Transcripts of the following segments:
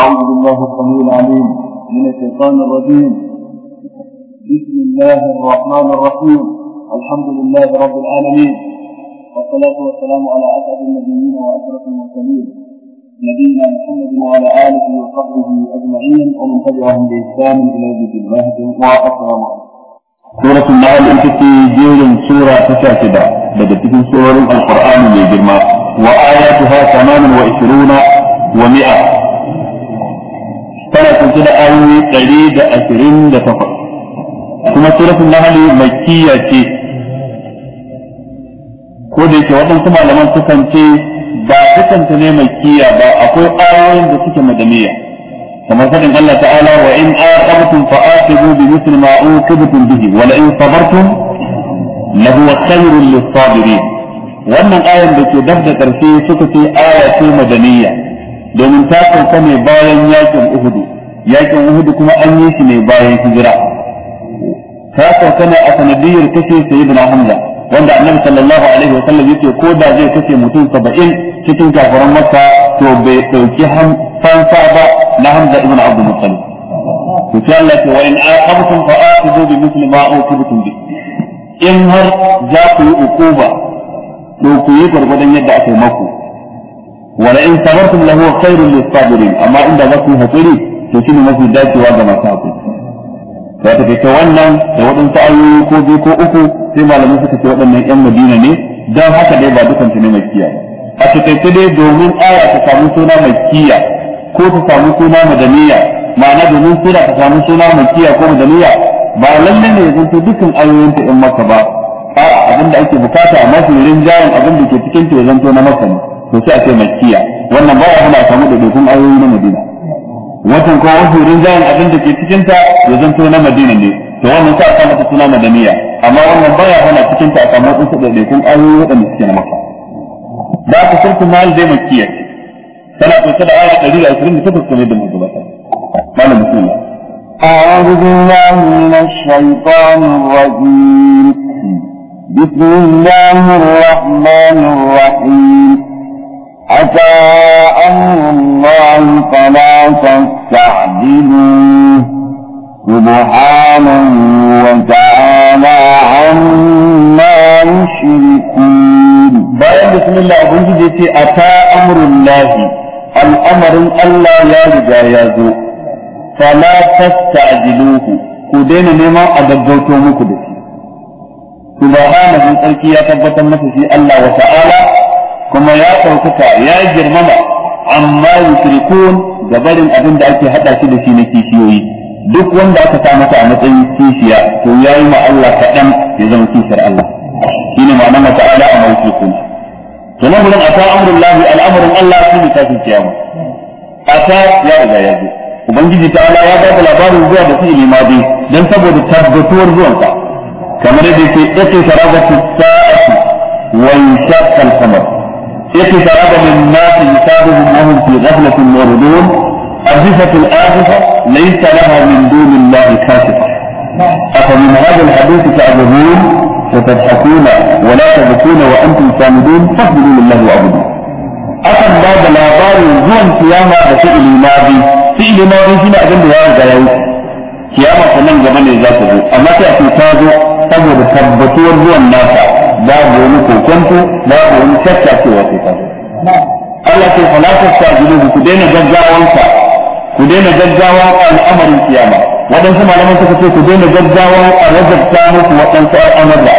أعوذ بالله السميع العليم من الشيطان الرجيم بسم الله الرحمن الرحيم الحمد لله رب العالمين والصلاة والسلام على أسعد النبيين وأشرف المرسلين نبينا محمد وعلى آله وصحبه أجمعين ومن تبعهم بإحسان إلى يوم الدين والسلام عليكم سورة النحل في جيل سورة sura بدأت في سورة القرآن cikin وآياتها 28 mai girma tana kunshi da ayoyi ɗari da ashirin da takwas kuma suratul nahl makkiya ce ko da yake waɗansu malaman sukan ce ba dukanta ne makkiya ba akwai ayoyin da suke madaniya kamar faɗin Allah ta'ala wa in aqabtum fa aqibu bi mithli ma uqibtum bihi wa la in sabartum lahu khayrun lis-sabirin wannan ayan da ke dab da ƙarshe suka ce aya ce madaniya domin ta sauka ne bayan yakin uhudu yakin uhudu kuma an yi shi ne bayan hijira ta sauka ne a sanadiyar kashe sayyidina hamza wanda annabi sallallahu alaihi wa sallam yake ko da zai kashe mutum 70 cikin kafaran makka to bai dauki fansa ba na hamza ibn abdul muttalib to sai Allah ce wa in aqabtum fa aqibu bi mithli ma uqibtum bi in har za ku yi ukuba to ku yi gargadan yadda aka yi maku wala in sabartum kairin khairul lisabirin amma inda za ku yi hakuri to shine mafi dacewa ga masu hakuri za ta wannan da waɗansu ayoyi ko biyu ko uku sai malamai suka ce waɗannan 'yan madina ne don haka dai ba dukan ne makiya a takaice dai domin aya ta samu suna makiya ko ta samu suna madaniya ma'ana domin sura ta samu suna makiya ko madaniya ba lalle ne ya zanto dukan ayoyin ta in maka ba a abin da ake bukata mafi rinjayen abin da ke cikin ta ya na maka ne to sai a ce makkiya wannan baya hana a samu daidaikun ayoyi na madina Wajen ko wasu rinjayen abin da ke cikin ta ya zanto na madina ne to wannan sai a samu ta suna madaniya amma wannan baya hana cikin ta a samu wasu daidaikun ayoyi waɗanda suke na maka da ku sarki mal dai makkiya tana kunshe da aya ɗari da ashirin da takwas kamar yadda muka gabatar malam musulma أعوذ بالله من الشيطان الرجيم بسم الله الرحمن الرحيم أتى أمر الله فلا تستعجلوه سبحانه وتعالى عما يشركون بعد بسم الله أبنجي أتى أمر الله الأمر الله يا رجايا فلا تستعجلوه كدين نما أدبوتو مكدس سبحانه الأركية تبتمت في الله وتعالى kuma ya ɗaukaka ya girmama amma yusrikun ga barin abin da ake hada shi da shi na kishiyoyi duk wanda aka sa masa a matsayin kishiya to yayi ma Allah kaɗan ya zama kishiyar Allah shine ma'ana mata ala a mawukikun to nan gurin ata amrun lahi al'amarin Allah shi ne kafin kiyama ata ya riga ya zo ubangiji ta ala ya bada labarin zuwa da fi'ili madi dan saboda tabbatuwar zuwanka kamar yadda yake yake sarabatu sa'atu wa yashqa al-qamar اقترب من الناس يصابهم وهم في غفلة معرضون أجهزة الآخرة ليس لها من دون الله كاشفة أفمن هذا الحديث تعبدون وتضحكون ولا تبكون وأنتم سامدون فاقبلوا لله وعبدوا أفن بعد لا بار زوا قياما بفعل ماضي فعل ماضي فيما أجل هذا الغيوي قياما من جمال الزاكر أما تأتي تاجو تبو بثبتور زوا الناس babu wani kokonto babu wani shakka cewa sai ka Allah ce fa la tastajilu ku daina gaggawansa ku daina gaggawa a al'amarin kiyama waɗansu malaman suka ce ku daina gaggawa a wajabta muku waɗansu al'amarra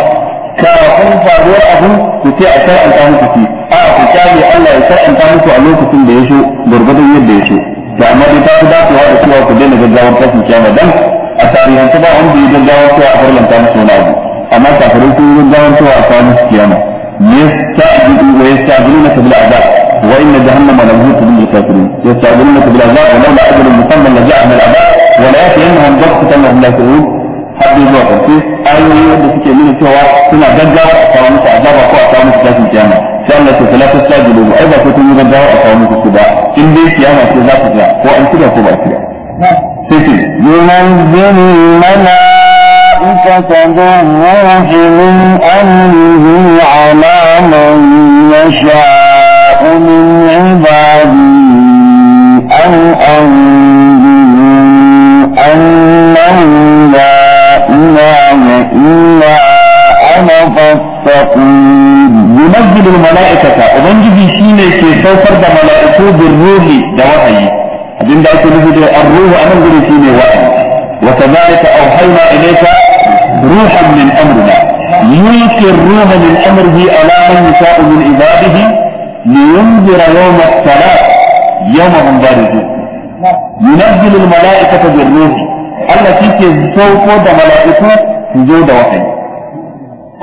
kafin faruwar abu ku ce a shar'anta muku fi a ku kyale Allah ya shar'anta muku a lokacin da ya so gurgurdan yadda ya so da amma dai ta da dacewa da cewa ku daina gaggawar tashin kiyama dan a tarihance ba wanda ya gaggawa sai a farlanta musu wani abu amma kafirai sun yi gawan cewa a kawo musu kiyama yasta'jilu wa yasta'jilunaka bil azab wa inna jahannama la muhitu bil kafirin yasta'jilunaka bil azab wa lawla ajalun musamman la ja'ana al azab wa la yatihannahum baqatan wa hum la yashurun har dai zuwa karshe ayoyi wanda suke nuna cewa suna gaggawa a kawo musu azaba ko a kawo musu tashin kiyama sai Allah ta salatu sajidu ai ba ko kun yi gaggawa a kawo musu ba in dai kiyama ce za ku ga ko an kira ko ba kira sai ce yumanzil mala'a كتبه من أمره على من يشاء من عباده أن أنذروا أنه لا إله إلا أنا فاتقون ينزل الملائكة وبنجي شيني في سوفر دا ملائكو بالروح دا وحي أبين دا أكو نفيد الروح أنا نقول شيني وحي وكذلك أوحينا إليك روحا من امرنا يلقي الروح من امره على من يشاء من عباده لينذر يوم الصلاه يوم هم بارزون ينزل الملائكة بالروح التي تزوق دا ملائكة تزود وحي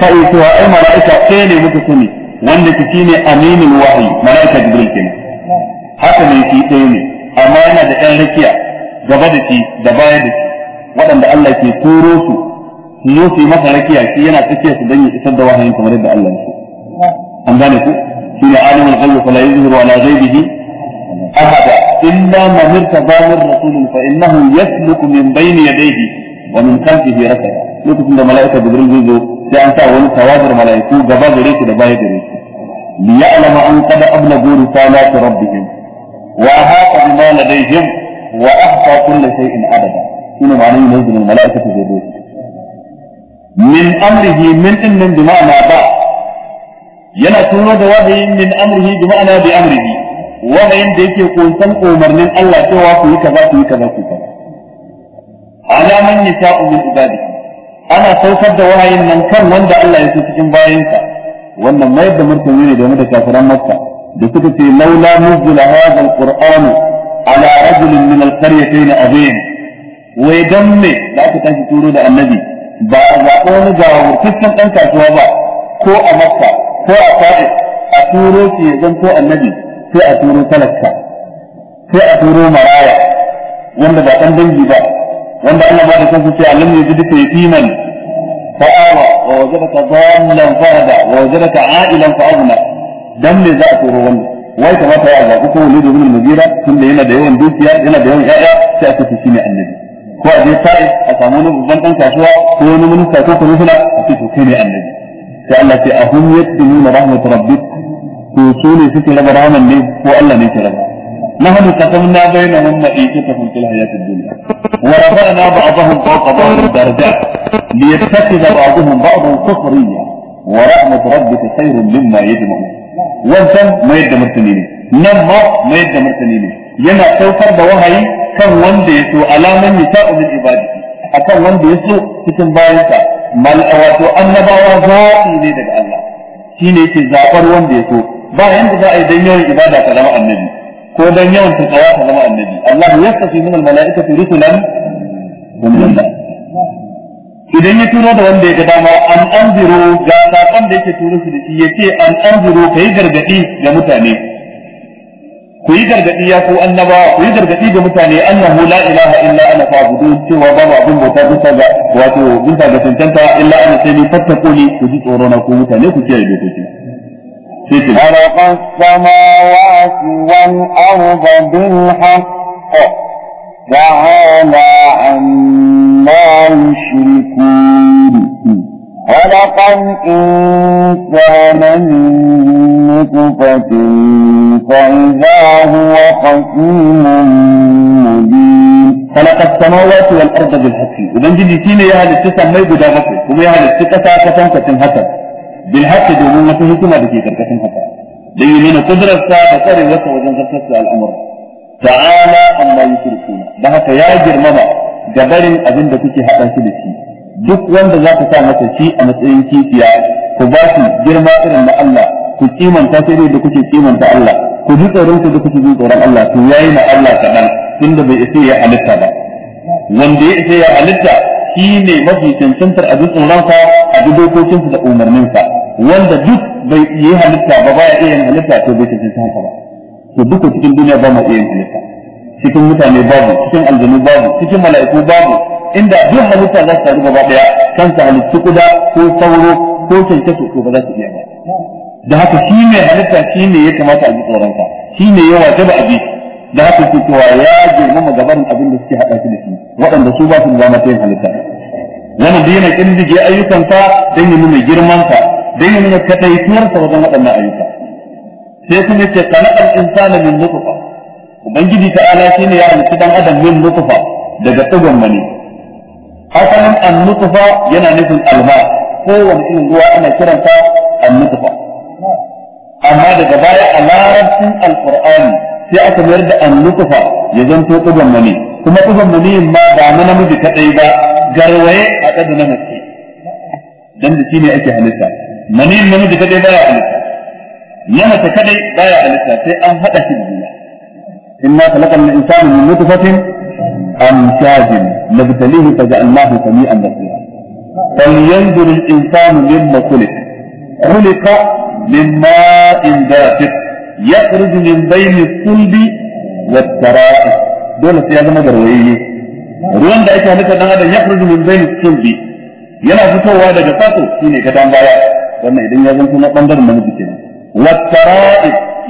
فإيسوا أي ملائكة كيني متسمي وان تكيني أمين الوحي ملائكة جبريل كيني حتى من أمانة دا إلكيا دا بدكي وان دا الله تكوروسو su zo su yi masa rakiya shi yana tsakiyar su dan ya isar da wahayin kamar yadda Allah ya an gane ku shi ne alimul ghaibi fa la yuzhiru ala ghaibihi ahada illa man irtaba min rasulin fa innahu yasluku min bayni yadayhi wa min khalfihi rasada lokacin da mala'ika jibril zai zo sai an sa wani tawadar mala'iku gaba gare su da baya gare su ليعلم أن قد wa رسالات ربهم وأحاط بما لديهم وأحصى كل شيء عددا. هنا معناه ينزل الملائكة في بيته. min amrihi min din nan bi ba yana turo da wahayi min amrihi bi ma'ana bi amrihi wahayin da yake kunsan umarnin Allah cewa ku yi kaza ku yi kaza ku kaza ala man yasha'u min ibadi ana saukar da wahayin nan kan wanda Allah ya fi cikin bayansa wannan mai da martani ne game da kafiran Makka da suka ce laula nuzila hadha alquran ala rajulin wai dan me da tashi turo da annabi ba a zaɓo wani cikin ɗan kasuwa ba ko a makka ko a faɗi, a turo shi ya zanto annabi sai a turo talaka sai a turo maraya wanda ba ɗan dangi ba wanda Allah ba da kansa ce Allah ya duka yatiman fa'awa wa wajadaka dhallan fahada wa ka a'ilan fa'agna dan me za a turo wannan wai kamata ya zaɓi ko wani domin mujira tunda yana da yawan dukiya yana da yawan ƴaƴa sai a kace shi ne annabi ko a je sa'id a samu wani babban dan kasuwa ko wani minista ko kwamishina a ce to kai ne annabi sai Allah ce a hum yaktumuna rahmat rabbik to su ne suke raba rahman ne ko Allah ne ke raba نحن قسمنا بينهم معيشتهم في الحياة الدنيا ورفعنا بعضهم فوق بعض درجات ليتخذ بعضهم بعضا سخريا ورحمة ربك خير مما يجمعون wancan mayar da martani ne nan ma mayar da martani ne yana saukar da wahayi akan wanda ya so alaman nisa'u min ibadi akan wanda ya so cikin bayansa mal wato annabawa zaɓi ne daga Allah shine yake zaɓar wanda ya so ba yanda za a yi dan yawan ibada ta zama annabi ko dan yawan tsawa ta zama annabi Allah ya tafi min al mala'ikati rusulan idan ya turo da wanda ya ga dama an anziro ga sakon da yake turo su da shi yace an anziro kai gargadi ga mutane ku yi gargadi ya ku annabawa ku yi gargadi ga mutane annahu la ilaha illa ana fa'budun cewa babu abin bauta bisa ga wato bisa ga tantanta illa ana sai ni fattakuni ku ji tsoro na ku mutane ku kiyaye dokoki خلق السماوات والأرض بالحق تعالى عما يشركون خلق الإنسان من نطفة فإذا هو خصيم مبين خلق السماوات والأرض بالحق إذن جدي سيني يا هل التسع ما يبدا غفل كما يا هل التسع كتن كتن حسن بالحق دون ما فيه كما بكي كتن حسن ليمين قدرة فقر وسع وجن غفلت الأمر تعالى أما يشركون ده يا جرمما جبرين أبن دكتي حقا سلسي duk wanda za ka sa masa shi a matsayin kifiya ku ba shi girma irin na Allah ku kimanta sai da kuke kimanta Allah ku ji tsoron da kuke ji tsoron Allah to yayi na Allah kaɗan tunda bai isa ya halitta ba wanda ya isa ya halitta shi ne mafi cancantar a duk tsoronsa a duk dokokinsa da umarninsa wanda duk bai yi halitta ba baya iya yin halitta to bai cancanta haka ba to duka cikin duniya ba mu iya yin halitta cikin mutane babu cikin aljanu babu cikin mala'iku babu inda duk halitta za su taru gaba daya kansa halittu kuda ko sauro ko kyankyaso ko ba za su iya ba da haka shi ne halitta shi ne ya kamata a ji tsoronsa shi ne ya wajaba a bi da haka ke cewa ya girmama gabarin abin da suke haɗa shi da shi waɗanda su ba su zama ta yin halitta wannan da yana ƙindige ayyukansa don ya nuna girmansa don ya nuna kaɗaituwarsa wajen waɗannan ayyuka sai kuma ce kalakal insana min nutfa ubangiji ta ta'ala shine ya halitta ɗan adam min nutfa daga tsugon mani asalin annutufa yana nufin alma kowane irin ruwa ana kiranta annutufa amma daga baya a larabcin alqur'ani sai aka mayar da annutufa ya zanto tuban mani kuma tuban mani ma ba na namiji kadai ba garwaye a kada na mace dan da shine ake halitta mani namiji kadai baya halitta na mace kadai baya halitta sai an hada shi da juna inna khalaqal insana min nutfatin amshajin نبتليه فجعلناه سميعا بصيرا فلينظر الانسان مما خلق خلق من ماء دافق يخرج من بين الصلب والترائب دولة يا زلمة ruwan da ake halitta dan adam ya furju min bayin bi. yana fitowa daga fato shine gadan baya wannan idan ya zanto na bangaren namiji kenan wat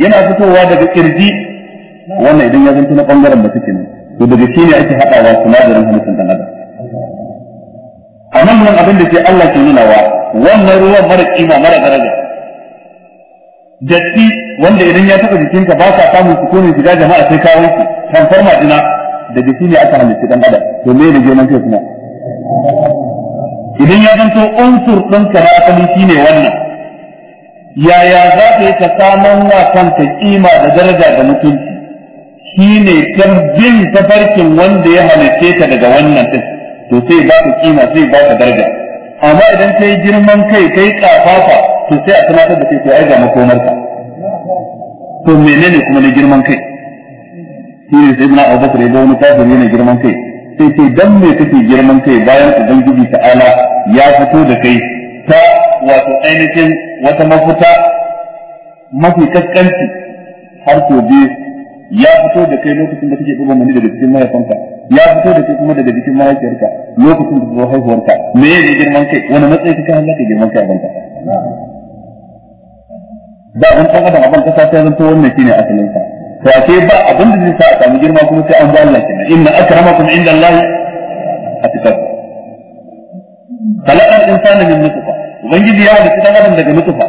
yana fitowa daga kirji wannan idan ya zanto na bangaren kenan to daga shi ne ake haɗawa sinadarin halittar dan adam a nan mun abin da sai Allah ke nuna wa wannan ruwan mara kima mara daraja datti wanda idan ya taɓa jikinka ba ka samun sukunin shiga jama'a sai ka wanke tamfar majina da shi ne aka halitta dan adam to me da girman kai kuma idan ya zanto unsur ɗinka na asali shi ne wannan yaya za ka yi ka samun wa kanka kima da daraja da mutunci shi ne bin tafarkin wanda ya halitte ta daga wannan din to sai ba ka kima sai ba ka daraja amma idan kai girman kai kai kafafa to sai a tunatar da kai to ai ga ka to menene kuma ne girman kai shi ne sai muna Abu Bakr ya wani tafi ne girman kai sai sai dan me kake girman kai bayan ubangiji ta'ala ya fito da kai ta wato ainihin wata mafuta mafi kaskanci har to biyu ya fito da kai lokacin da kake duba mani daga cikin mahaifanka ya fito da kai kuma daga cikin mahaifiyarka lokacin da zuwa haihuwarka me ya ne girman kai wani matsayi kake hannun ka girman kai a banka da an san adam abin kasa ta zanto wannan shine asalin sa to ake ba abin da zai sa a samu girma kuma sai an ba Allah kenan inna akramakum inda Allah atqakum kala al insani min nutfa ubangiji ya halitta dan adam daga nutfa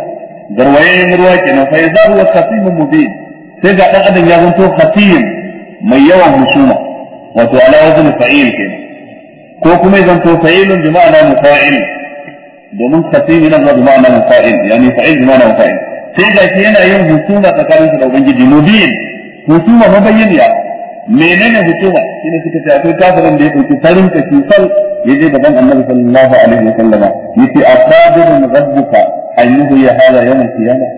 garwaye ruwa kenan fa yazahu wa mubin sai ga dan adam ya zanto khatiyin mai yawan husuma wato ala wazn fa'il kenan ko kuma ya zanto fa'ilun bi ma'ana mufa'il domin khatiyin yana zuwa bi ma'ana mufa'il yani fa'il bi ma'ana mufa'il sai ga shi yana yin husuma tsakaninsa da ubangiji mubin husuma mabayyaniya menene hukuma shine suka ce akwai kafirin da ya dauki farin ka shi sal ya je gaban annabi sallallahu alaihi wa sallama yace aqadirun rabbuka an yuhyi hada yawm al-qiyamah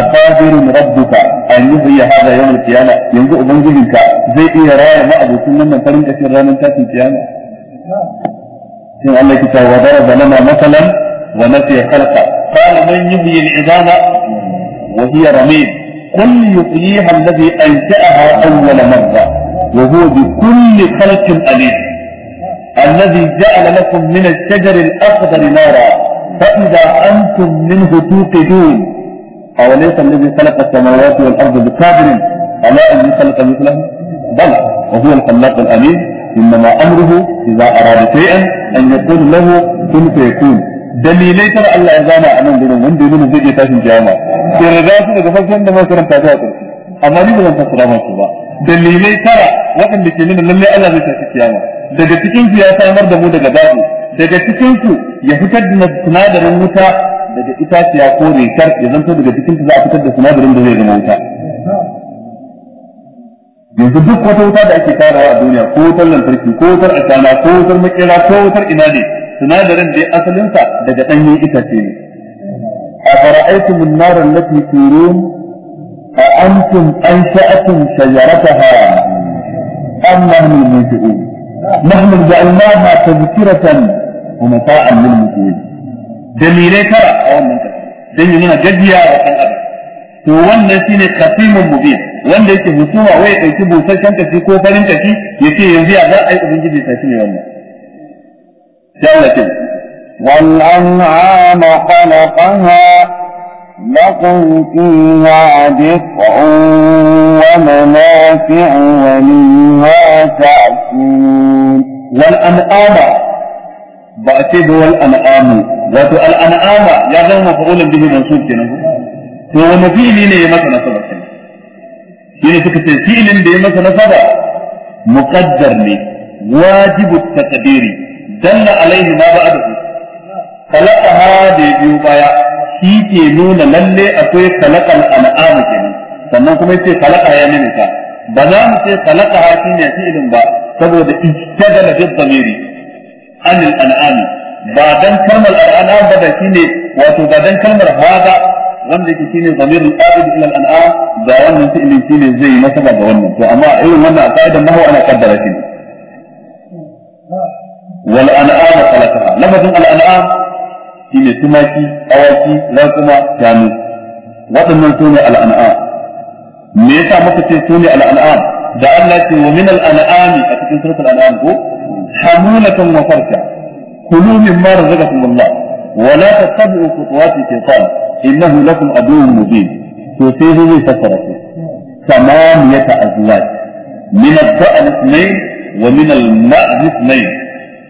أقادر ربك أن يحيي هذا يوم القيامة ينزع جهنك زي إيه رأي ما أبو سنة من فرنك في الرامن تاتي القيامة قال كتاب وضرب لنا مثلا ونسي خلقه قال من يحيي العظام وهي رميم قل يحييها الذي أنشأها أول مرة وهو بكل خلق أليم الذي جعل لكم من الشجر الأخضر نارا فإذا أنتم منه توقدون أوليس الذي خلق السماوات والأرض بقادر على أن يخلق مثله بل وهو الخلاق الأمين إنما أمره إذا أراد شيئا أن يقول له كن فيكون دليل ترى ألا أزال أمن دون من دون من ذي إتاش الجامع في رجاسة دفعت عندما كرم تاجاته أما لي بلن تسرامه سبا دليل ترى وكن بكلمة للي ألا ذي تاش الجامع دقتكين في أسامر دمودة قبابي دقتكين في يهتد نتنادر المتا daga itaciya ko rikar ya zanto daga cikin ta za a fitar da sinadarin da zai zama wuta yanzu duk wata wuta da ake tarawa a duniya ko wutar lantarki ko wutar asana ko wutar makera ko wutar ina ne sinadarin da ya asalinsa daga ɗanyen itace ne a fara'aitu min narar lafi turu a antum an sha'atun shajarataha an nahnu min fi'u nahnu ja'alnaha wa mata'an dalilai tara a wannan kasa dan yi nuna gajiya wa kan adam to wannan shine kasimun mubin wanda yake husuma wai dauki busasshen kashi ko farin kashi yace yanzu ya za a yi ubangiji ta shi ne wannan والأنعام خلقها لكم فيها دفع ومنافع ومنها تأكلون والأنعام ba a ce ba wal an'amu wato al an'ama ya zama mafa'ulan bihi mansub kenan to wani fi'ili ne ya masa nasaba ne suka ce fi'ilin da ya masa nasaba muqaddar ne wajibu taqdiri dalla alaihi ma ba'dahu ha da biyu baya shi ke nuna lalle akwai khalaqal an'ama kenan sannan kuma yace khalaqa ya minka ba za mu ce ha shi ne fi'ilin ba saboda istadala da dhamiri anil an'am ba dan kalmar al'an'am ba da shine wato ba dan kalmar hada wanda yake shine zamir al-abid ila al-an'am da wannan fi'lin shine zai nasaba ga wannan to amma irin wannan qaidan nahwu ana kaddara shi wal an'am khalaqaha lafazin al-an'am shine tumaki awaki la kuma shanu waɗannan sune al-an'am me yasa muka ce sune al-an'am da Allah ce wa min al-an'ami a cikin suratul an'am ko حمولة وفركة كلوا مما رزقكم الله ولا تتبعوا خطوات الشيطان إنه لكم عدو مبين توفيه فسرته ثمانية أزواج من الذأب اثنين ومن المأز اثنين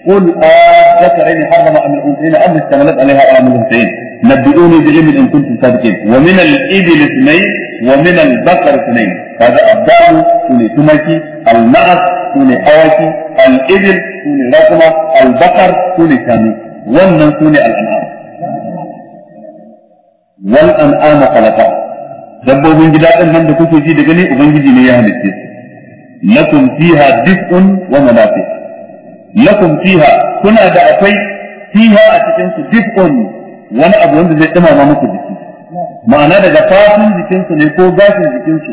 قل آه ذكرين حرم أم الأنثيين أم استملت عليها أم الأنثيين نبئوني بعلم إن كنتم صادقين ومن الإبل اثنين ومن البقر اثنين هذا الضأب ولتمكي المأز sune awaki al-ibil sune rakuma al-bakar sune kanu wannan sune al-an'am wal an'am khalaqa dabbobin gida din nan da kuke ji da gani ubangiji ne ya halicce su lakum fiha dif'un wa manafi lakum fiha kuna da akwai fiha a cikin su dif'un wani abu wanda zai dumama muku jiki ma'ana daga fatun jikinsu ne ko gashin jikinsu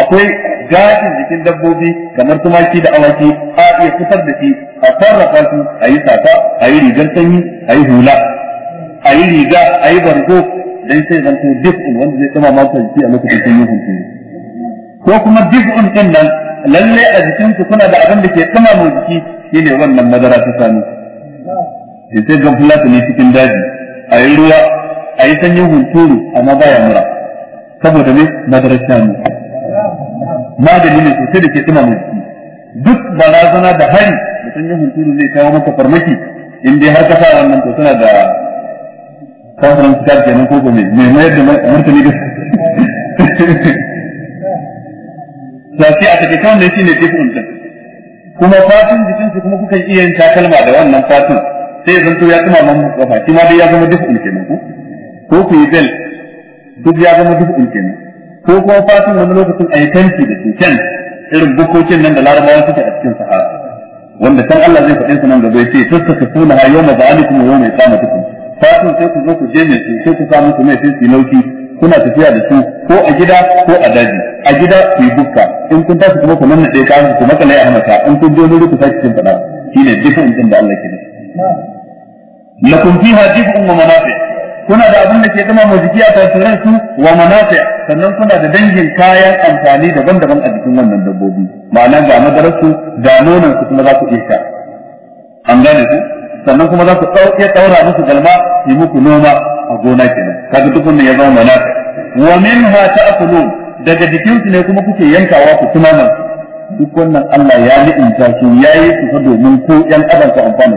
akwai gashin jikin dabbobi kamar tumaki da awaki a iya fitar da shi a sarrafa su a yi safa a yi rigar sanyi a yi hula a yi riga a yi bargo don sai zanto in wanda zai kama masu jiki a lokacin sanyi hunci ko kuma dif'un ɗin nan lalle a jikinku kuna da abin da ke kama mai jiki shine wannan madara ta sani sai sai ga fulata ne cikin daji a yi ruwa a yi sanyin hunturu amma baya mura saboda ne madarar shanu magani ne sosai da ke tuna mai duk barazana da hari da sanyin hunturu zai kawo maka farmaki in dai har ka sa wannan to tana da conference fitar kenan ko gome mai mayar da martani da sai a take kawai ne shine kifin din kuma fatin jikin su kuma kukan iya yin takalma da wannan fatin sai zan to ya tuma man kafa shi ma dai ya zama dukkan kenan ko ko ku yi bel duk ya zama dukkan kenan ko kuma fatin wani lokacin a yi tanti da su can irin bukokin nan da larabawa suke a cikin sahara wanda san Allah zai faɗin su nan gaba ya ce tattakasuna ha yawma yau mai kama tukun fatin sai ku zo ku je mai su sai ku samu su mai sai su nauki kuna tafiya da su ko a gida ko a daji a gida ku yi bukka in kun tashi kuma ku nanna ɗaya kayan ku maka laye a maka in kun je wani ku sake cikin faɗa shine dukkan in da Allah ke da lakum fiha jib'un wa manafi' kuna da abin da ke zama mai jiki a tasirar su wa manafi sannan kuna da dangin kayan amfani daban-daban a jikin wannan dabbobi ma'ana ga madarar su ga nonon su kuma za ku iya sha an gane su sannan kuma za ku ɗauke ɗaura musu galma yi muku noma a gona kenan kaga duk wannan ya zama manafi wa min minha ta'kulun daga jikin su ne kuma kuke yankawa ku kuma nan duk wannan Allah ya ni'imta su yayi su domin ko ɗan adam ku amfana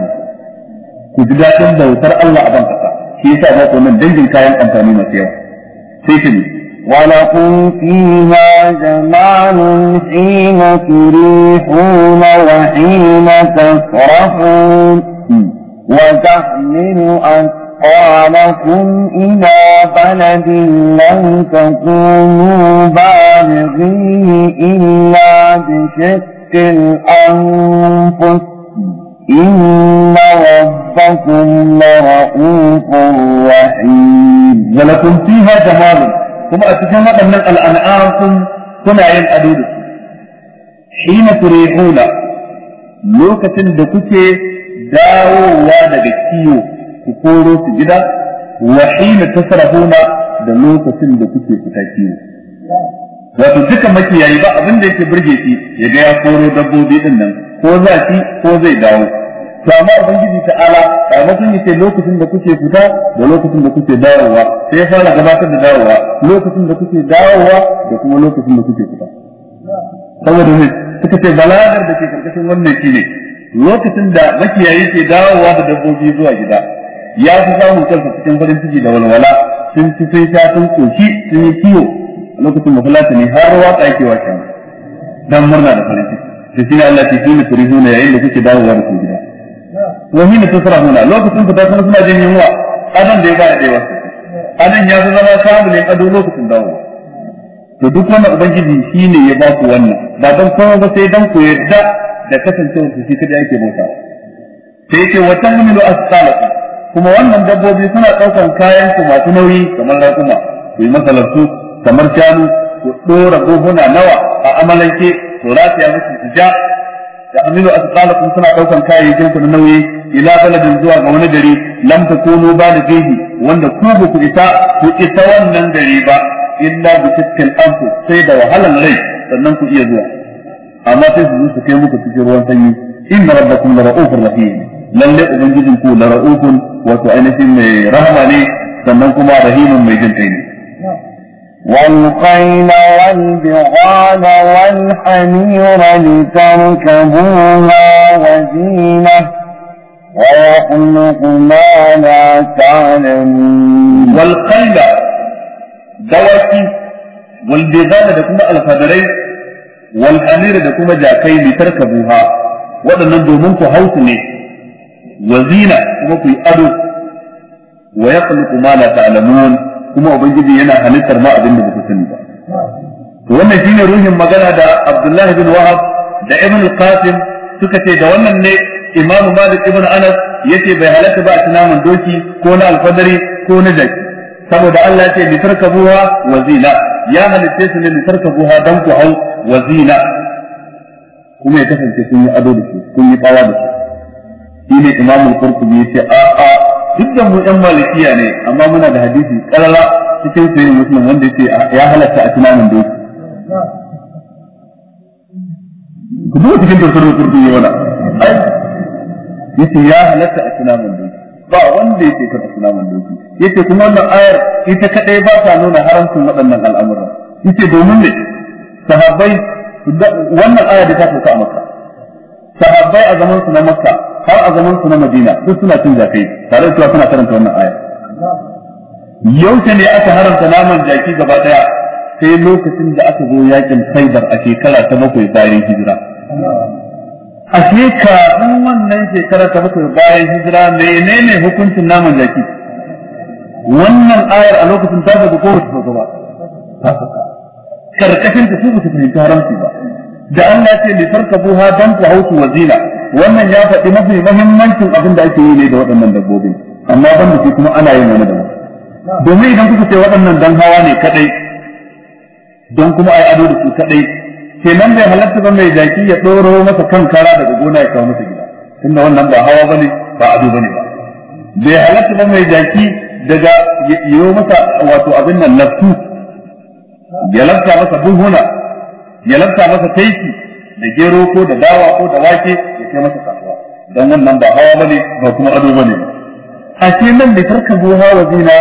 ku ji daɗin bautar Allah a ban shi yasa ba wannan dangin kayan amfani masu yawa sai shi ne wala fiha zamanun hina turihuna wa hina tasrahun wa tahmilu an قالكم إلى بلد إن ربكم لرؤوف رحيم ولكم فيها جمال ثم أتكلم أن الأنعام كنا ينأدون حين تريحون لوكة دكتة dawowa daga kiwo ku koro su gida wa hina tasrafuna da lokacin da kuke fita kiyo wato duka makiyayi ba abin da yake burge shi ya ga ya koro dabbobi ɗinnan, ko za shi ko zai dawo to amma ubangiji ta'ala ma sun yi lokacin da kuke fita da lokacin da kuke dawowa sai fara gabatar da dawowa lokacin da kuke dawowa da kuma lokacin da kuke fita saboda ne suka ce balagar da ke karkashin wannan shine lokacin da makiyayi ke dawowa da dabbobi zuwa gida ya fi samun kansa cikin farin ciki da walwala sun ci sai ta sun koshi sun yi kiwo lokacin da ta ne har waka yake wa dan murna da farin ciki sai Allah ke kuri turihuna yayin da kuke dawowa da gida ta hina tusrahuna lokacin fita kuma suna jin yunwa adon da ya da daiwa adan ya zama samun ne ado lokacin dawo to duk wannan ubangiji shine ya ba ku wannan ba dan ba sai dan ku yadda da kasancewar su shi kadai yake bauta sai ce wa tahmilu asqalakum kuma wannan dabbobi suna ɗaukan kayan ku masu nauyi kamar raƙuma ku yi masa kamar shanu ku dora buhuna nawa a amalanke ku rataya musu ja da aminu asqalakum suna ɗaukan kayayyakin su na nauyi ila baladin zuwa ga wani gari lam da balighihi wanda ku ba ku isa ku isa wannan gari ba illa bi tikkil sai da wahalan rai sannan ku iya zuwa amma sai su su kai muku cikin ruwan sanyi inna rabbakum la ra'ufur rahim lalle ubangijin ku la ra'ufun wato ainihin mai rahama ne sannan kuma rahimun mai jin kai ne والقيل والبغال والحمير لتركبوها وزينة ويخلق ما لا تعلمون والقيل دواتي والبغال لكم الفدري والحمير لكم جاكي لتركبوها waɗannan domin ku hausu وزينة wazina kuma ku yi ado wa kuma ubangiji yana halittar ma abin da ba sani ba wannan shine ruhin magana da Abdullahi bin Wahab da Ibn al Qasim suka ce da wannan ne Imam Malik ibn Anas yace bai halatta ba a tunamin doki ko na alfadari ko na jaki saboda Allah ya ce litarkabuha wa zina ya halitte su ne litarkabuha dan ku hau wa zina kuma ya kasance sun yi ado da su sun yi bawa da su shine Imam Al-Qurtubi yace a a duk da mu ɗan malikiya ne amma muna da hadisi ƙarara cikin sayin musulun wanda yake ya halatta a tunanin yake. ku duba cikin tafsirin kurkun yi Ya yace ya halatta a tunanin yake. ba wanda yake ka tunanin Ya ce kuma wannan ayar ita kadai ba ta nuna haramcin waɗannan al'amura ce domin ne sahabbai wannan ayar da ta fuka maka sahabbai a zaman su na makka har a zaman su na Madina duk suna cin zafi tare da cewa suna karanta wannan aya ta ne aka haramta naman jaki gaba daya sai lokacin da aka zo yakin Khaibar a shekara ta bakwai bayan hijira a shekarun wannan shekara ta bakwai bayan hijira menene hukuncin naman jaki wannan ayar a lokacin ta faɗi ko ta faɗi ba karkashin ta su ba su fahimci haramci ba da Allah ce farka buha dan ku hautu zina. wannan ya faɗi mafi mahimmancin abin da ake yi ne da waɗannan dabbobin amma ban da kuma ana yin wani mu. domin idan kuka ce waɗannan dan hawa ne kadai don kuma yi ado da su ke nan bai halatta ba mai jaki ya ɗoro masa kan kara daga gona ya kawo masa gida tunda wannan ba hawa bane ba ado bane ba bai halatta ba mai jaki daga yiwo masa wato abin nan lafsu ya lafta masa buhuna ya lafta masa taiki da gero ko da dawa ko da wake ya sai masa kasuwa dan wannan ba hawa bane ba kuma ado bane ashe nan da karka zo hawa zina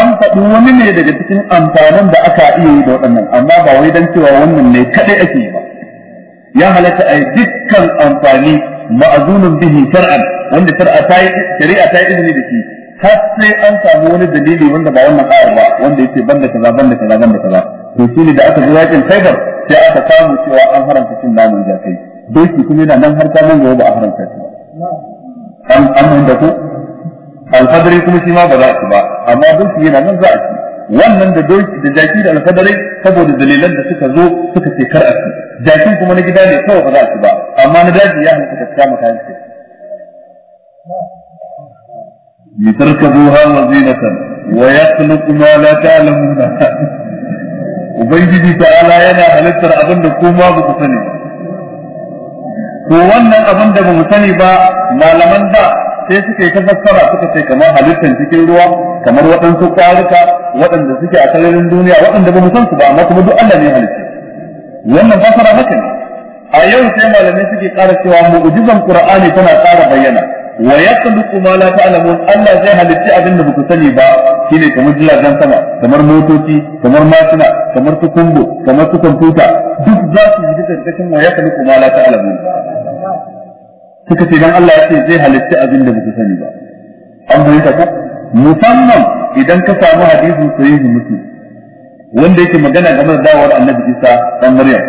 an faɗi wani ne daga cikin amfanin da aka iya yi da waɗannan amma ba wai dan cewa wannan ne kadai ake yi ba ya halatta a dukkan amfani ma'azunun bihi shar'an wanda shar'a ta yi shari'a ta yi izini da shi har sai an samu wani dalili wanda ba wannan ayar ba wanda yake banda kaza banda kaza banda kaza to shine da aka zo yakin Khaibar sai aka samu cewa an haramta cin namun jakai doki kuma yana nan har kwanan gobe ba a haramta shi an an mun da ku alfadari kuma shi ma ba za a ci ba amma doki yana nan za a ci wannan da doki da jaki da alfadari saboda dalilan da suka zo suka ce kar a ci jakin kuma na gida ne kawai ba za a ci ba amma na daji ya halatta ka kama kayan ci لتركبوها وزينة ويخلق ما لا تعلمون ubangiji ta'ala yana halittar abin da kuma ba ku sani to wannan abin da ba mu sani ba malaman da sai suke ta fassara suka ce kamar halittar cikin ruwa kamar waɗansu kwaruka waɗanda suke a sararin duniya waɗanda ba mu san su ba amma kuma duk Allah ne halitta wannan fassara haka ne a yau sai malamai suke ƙara cewa mu'jizan qur'ani tana ƙara bayyana wa yakhluqu ma la ta'lamun Allah zai halitta abin da ba ku sani ba shine kamar jiragen sama kamar motoci kamar mashina kamar su kumbo kamar su kwamfuta duk za su yi da cikin wa yakhluqu kuma la ta'lamun suka ce dan Allah ya ce zai halitta abin da ba ku sani ba an bayyana ka musamman idan ka samu hadisin sahihi muslim wanda yake magana game da dawowar annabi Isa dan Maryam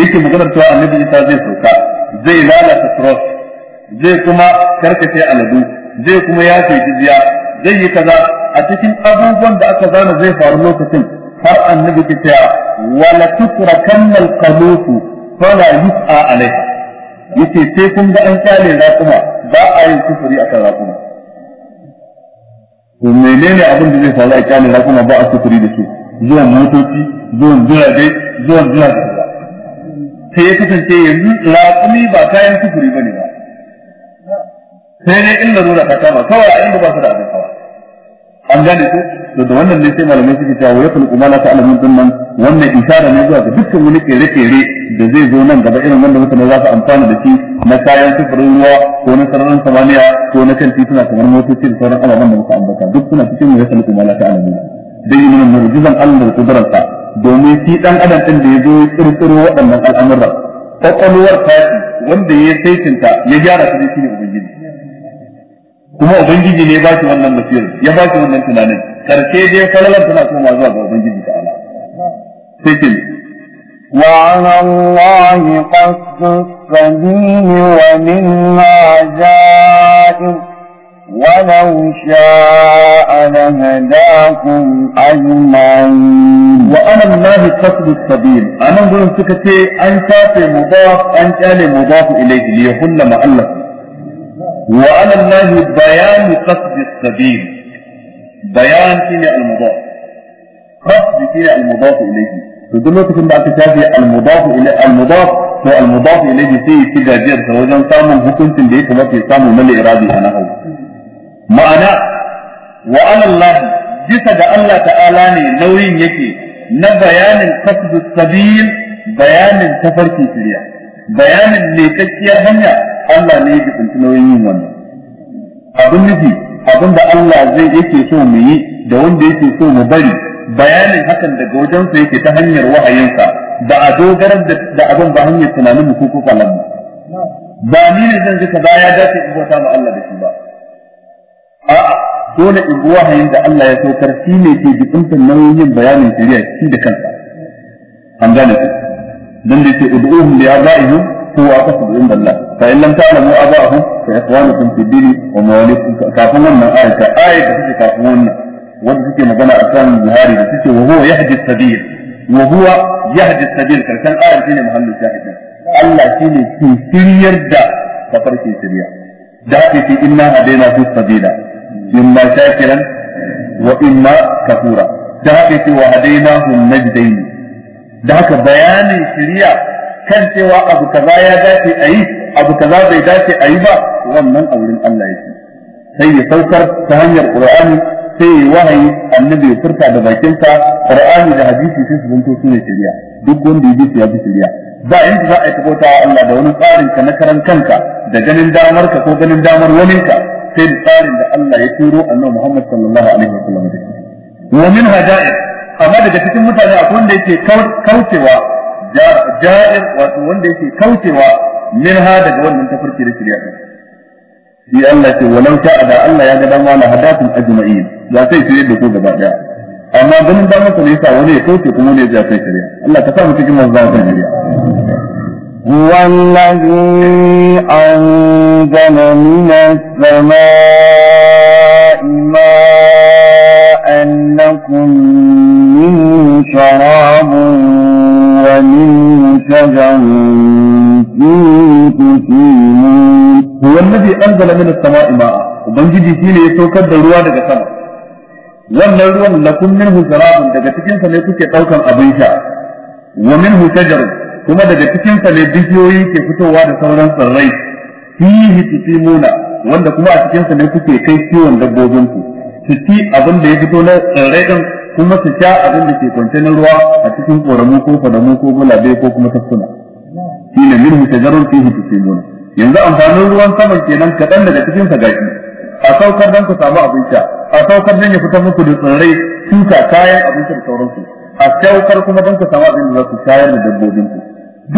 yake magana cewa annabi Isa zai sauka zai lalata trust zai kuma karkace aladu zai kuma yafe jizya zai yi kaza a cikin abubuwan da aka zana zai faru lokacin har annabi ta cewa wala tutrakanna alqalutu fala yus'a alai yace sai kun ga an kyale rakuma ba a yin kufuri akan rakuma ko menene abin da zai faru a kyale rakuma ba a kufuri da su zuwan motoci zuwan jirage zuwan jirage sai ya kasance yanzu rakumi ba kayan kufuri bane ba sai dai inda larura ta kama kawai a inda ba su da abin hawa an gane ku. to da wannan ne sai malamai suke cewa ya kulku ma la ta'lamun din nan wannan isara ne zuwa ga dukkan wani kere-kere da zai zo nan gaba irin wanda mutane za su amfana da shi na kayan sufurin ruwa ko na sararin samaniya ko na kan tituna kamar motoci da sauran ababen da muka ambata duk suna cikin ya kulku ma la ta'lamun dai yin nan murjizan Allah da kudararsa domin shi dan adam din da ya zo ya kirkiro waɗannan al'amuran kwakwalwar tashi wanda ya saitinta ya gyara su ne shi ne ubangiji kuma ubangiji ne ba shi wannan basira ya ba shi wannan tunanin karshe dai falalar tana koma zuwa ga ubangiji ta ala sai ce وعلى الله قصد السبيل ومنها جائر ولو شاء لهداكم أجمعين وعلى الله قصد السبيل أنا أقول لك أن تاتي مضاف أن تاتي مضاف إليه ليحل مع الله وعلى الله بيان قصد السبيل بيان شيء المضاف قصد شيء المضاف إليه فدل لوكتين da aka shafe al-mudaf ila al to al-mudaf ilayhi sai ya ci gajiyar wajen samun hukuncin da ya kamata ya samu na irabi a nahawu ma'ana wa Allah bisa ga Allah ta'ala ne nauyin yake na bayanin qasdus bayanin tafarki shirya bayanin lekakkiyar hanya Allah ne ya tsinci nauyin yin wannan abin nufi abin da Allah zai yake so mu yi da wanda yake so mu bari bayanin hakan daga wajensa yake ta hanyar wa'ayinsa ba a dogarar da abin ba hanyar tunanin mu ko kalan ba ni ne zan ji kaza ya dace in bauta ma Allah da shi ba a'a dole in bi wahayin da Allah ya saukar shi ne ke jikuntar nauyin bayanin shari'a shi da kansa an gane ku dan da yake ud'uhum li abaihim هو أقصد عند الله فإن لم تعلموا آباءهم فإخوانكم في الدين ومواليكم كافرون آية آية تفكي كافرون وتفكي مجمع أسلام البهاري تفكي وهو يهدي السبيل وهو يهدي السبيل كان آية فيني محل الشاهد الله فيني في سرير دا فطرك سرير دا في إنا هدينا في السبيل إما شاكرا وإما كفورا دا في وهديناه النجدين دا بيان الشريعة kan cewa abu kaza ya dace a yi abu kaza bai dace a yi ba wannan a wurin Allah yake sai ya saukar ta hanyar Qur'ani sai ya wahayi annabi ya furta da bakinsa Qur'ani da hadisi sai su zanto su ne shari'a duk wanda ya bi ya bi shari'a ba in za a yi kabota Allah da wani tsarin ka na karan kanka da ganin damar ka ko ganin damar wani ka sai da tsarin da Allah ya turo annabi Muhammad sallallahu alaihi wasallam da shi wa min hada'ir amma daga cikin mutane akwai wanda yake kaucewa جائر وندي في كوتي من هذا جوان من تفرك رسل يعني في ولو شاء ذا الله يجب أن الله هداك الأجمعين لا تيسر يدي كوتي بعد أما بل من دمت ليسا ولي كوتي قمولي جاء تيسر الله تفاهم في كم الزاوة تنجي هو الذي أنزل من السماء ماء لكم منه شراب ومن شجر فيه تسيمون هو الذي أنزل من السماء ماء وبنجي فيه يتوكد الروا دقا سما wannan ruwan lakum minhu sharabun daga cikin ne kuke daukan abin sha wa minhu shajarun kuma daga cikin ne bishiyoyi ke fitowa da sauran tsirrai fihi tusimuna wanda kuma a cikin sa ne kuke kai kiwon dabbobin ku su abin da ya fito na tsirrai din kuma su sha abin da ke kwance na ruwa a cikin ƙoramu ko fadamu ko gulabe ko kuma tafsuna shi ne min mutajarrun fihi tusimuna yanzu amfanin ruwan saman kenan kaɗan daga cikin sa gashi a saukar dan ku samu abin sha a saukar dan ya fitar muku da tsirrai shuka kayan abinci da sauransu a saukar kuma dan ku samu abin da za ku shayar da dabbobin ku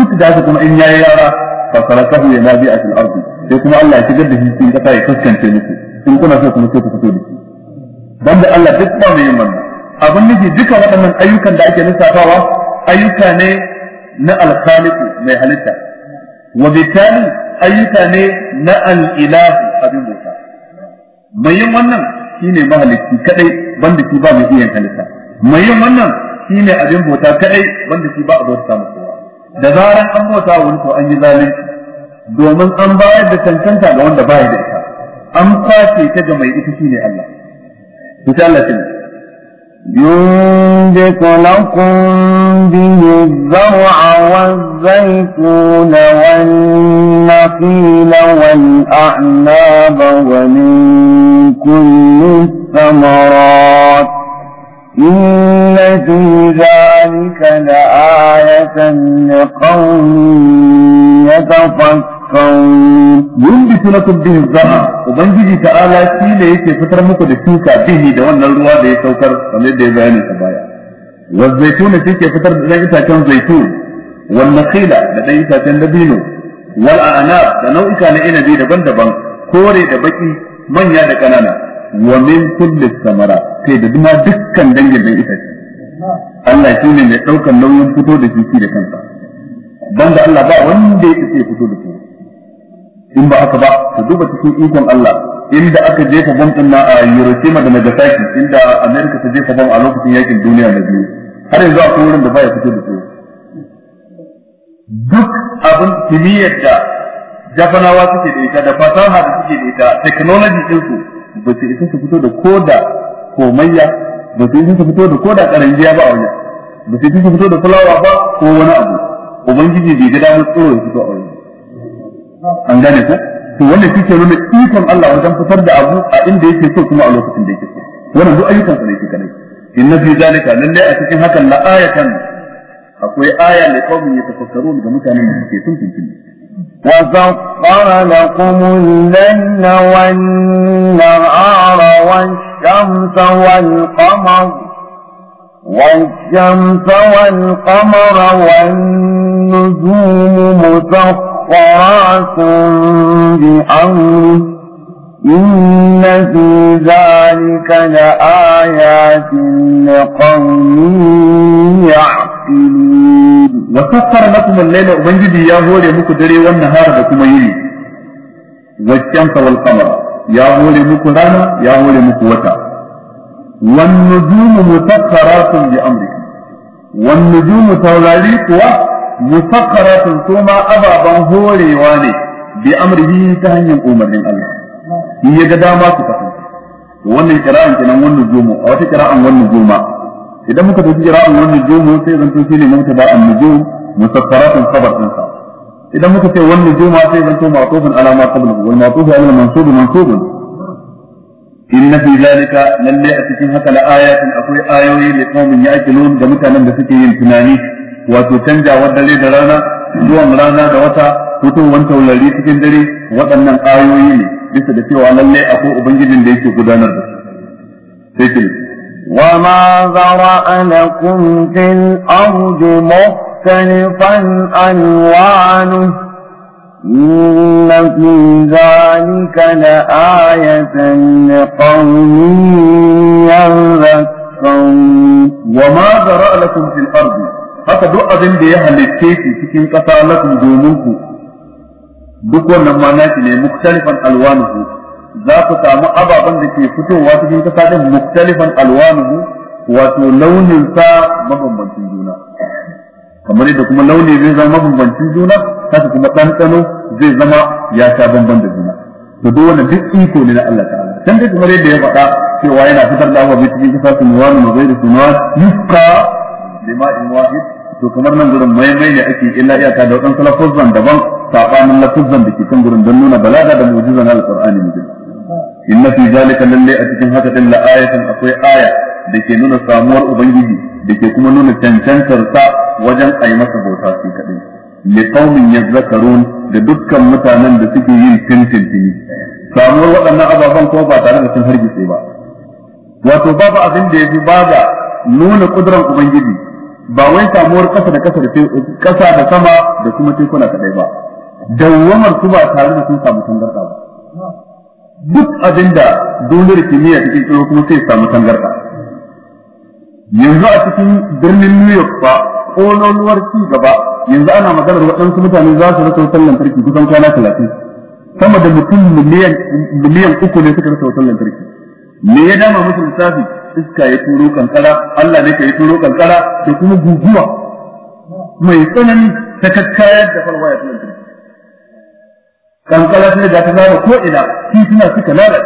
duk da haka kuma in yayi yara fa sarakahu ya nabi a ardi sai kuma Allah ya shigar da shi cikin kasa ya fuskance muku in kuna so kuma sai ku fito da shi banda Allah duk ba mai yin wannan abin nufi duka waɗannan ayyukan da ake lissafawa ayyuka ne na alkhaliku mai halitta wa bitali ayyuka ne na al'ilahu abin bauta mai yin wannan shine mahalicci kadai banda shi ba mai iya halitta mai yin wannan shine abin bauta kadai banda shi ba a bauta samu kowa da zaran an bauta wani to an yi zalunci domin an bayar da cancanta ga wanda baya da ita an kwace ta ga mai ita shine Allah. Insha Allah ينبت لكم به الزرع والزيتون والنخيل والأعناب ومن كل الثمرات إن في ذلك لآية لقوم يتفكرون Um, yunbitunakum bihi zama ubangiji ta'ala shi ne yake fitar muku da shuka bihi da wannan ruwa da ya saukar kamar yadda ya bayani ta baya wa zaitun shi ke fitar da dan itacen zaitun wal nakhila da dan itacen dabino wal ana da nau'ika na inabi daban-daban kore da baki manya da kanana wa min kulli samara kai da duma dukkan dangin dan itace Allah shi ne mai daukar nauyin fito da shi da kansa banda Allah ba wanda yake fito da shi in ba haka ba ka duba cikin ikon Allah inda aka jefa bom din na a Hiroshima da Nagasaki inda America ta jefa bom a lokacin yakin duniya na biyu har yanzu akwai wurin da baya fito da su duk abin kimiyyar da Japanawa suke da ita da fasaha da suke da ita technology din su ba su isa su fito da koda komayya ba su isa su fito da koda karangiya ba a wajen ba su isa su fito da fulawa ba ko wani abu ubangiji bai ga damar tsoro ya fito a wajen an gane ko to wannan shi ke nuna ikon Allah wajen fitar da abu a inda yake so kuma a lokacin da yake so wannan duk ayyukan sa ne shi kadai inna fi zalika lalle a cikin hakan la ayatan akwai aya ne kawai ya tafakkaru ga mutanen da suke sun tuntuɓe وسخر لكم الليل والنهار والشمس والقمر والشمس والقمر والنجوم مسخر وقراكم بأمره إن في ذلك لآيات لقوم يعقلون وسخر لكم الليل وبنجدي يا هولي مكو دري والنهار بكم يلي والشمس والقمر يا هولي مكو رانا يا هولي مكو وتا والنجوم مسخرات بأمرك والنجوم تولالي musakharatun kuma ababan horewa ne bi amrihi ta hanyar umarnin Allah shi ya ga dama su kasance wannan kira'an kenan wannan zumu a wata kira'an wannan zuma idan muka tafi kira'an wannan zumu sai zanto shi ne mubtada an nujum musakharatun khabar din sa idan muka ce wannan zuma sai zanto ma'tufun ala ma qablahu wal ma'tufu ala mansub mansub إن في ذلك لن يأتي هكذا آيات أقوى آيوي لقوم يأكلون جمتا من بسكين تنانيه wato canjawar dare da rana zuwan rana da wata fitowar taurari cikin dare waɗannan ayoyi ne bisa da cewa lallai akwai ubangijin da yake gudanar da su sai ke وما ذرأ لكم في الأرض مختلفا ألوانه إن في ذلك لآية لقوم يذكرون وما ذرأ لكم في الأرض haka duk abin da ya halitte shi cikin ƙasa lakum domin ku duk wannan ma shi ne muktalifan alwanuhu za ku samu ababen da ke fitowa cikin ƙasa din muktalifan alwanuhu wato launin sa mabambancin juna kamar yadda kuma launi zai zama mabambancin juna haka kuma ɗanɗano zai zama ya sha bamban da juna to duk wannan duk iko ne na Allah ta'ala dan dai kamar yadda ya faɗa cewa yana fitar da abubuwa cikin ƙasa su nuwa ma zai da sunuwa yufka lima'in wahid to kamar nan gurin maimai ne ake illa iyaka da wadansu lafuzan daban sabanin lafuzan da ke kan gurin don nuna balaga da mu'jiza na alqur'ani ne inna fi zalika lalle a cikin haka din la ayatan akwai aya da ke nuna samuwar ubangiji da ke kuma nuna cancantar sa wajen ayi masa bauta shi kadai li qaumin yadhakkarun da dukkan mutanen da suke yin tintintini samuwar waɗannan ababen ko ba tare da sun hargitse ba wato babu abin da ya fi ba nuna kudurar ubangiji ba wai samuwar kasa da kasa da kasa da sama da kuma tekuna kadai ba dawwamar su ba tare da sun samu tangarda ba duk abinda duniyar kimiyya take tsoro kuma sai samu tangarda yanzu a cikin birnin New York ba kololuwar ci gaba yanzu ana maganar waɗansu mutane za su rasa wutar lantarki kusan kwana talatin sama da mutum miliyan uku ne suka rasa wutar lantarki me ya dama musu lissafi iska ya turo kankara Allah ne ka yi turo kankara da kuma guguwa mai tsanani ta kakkayar da falwa ya tsananta kankara ta da ta zama ko ina tituna suka lara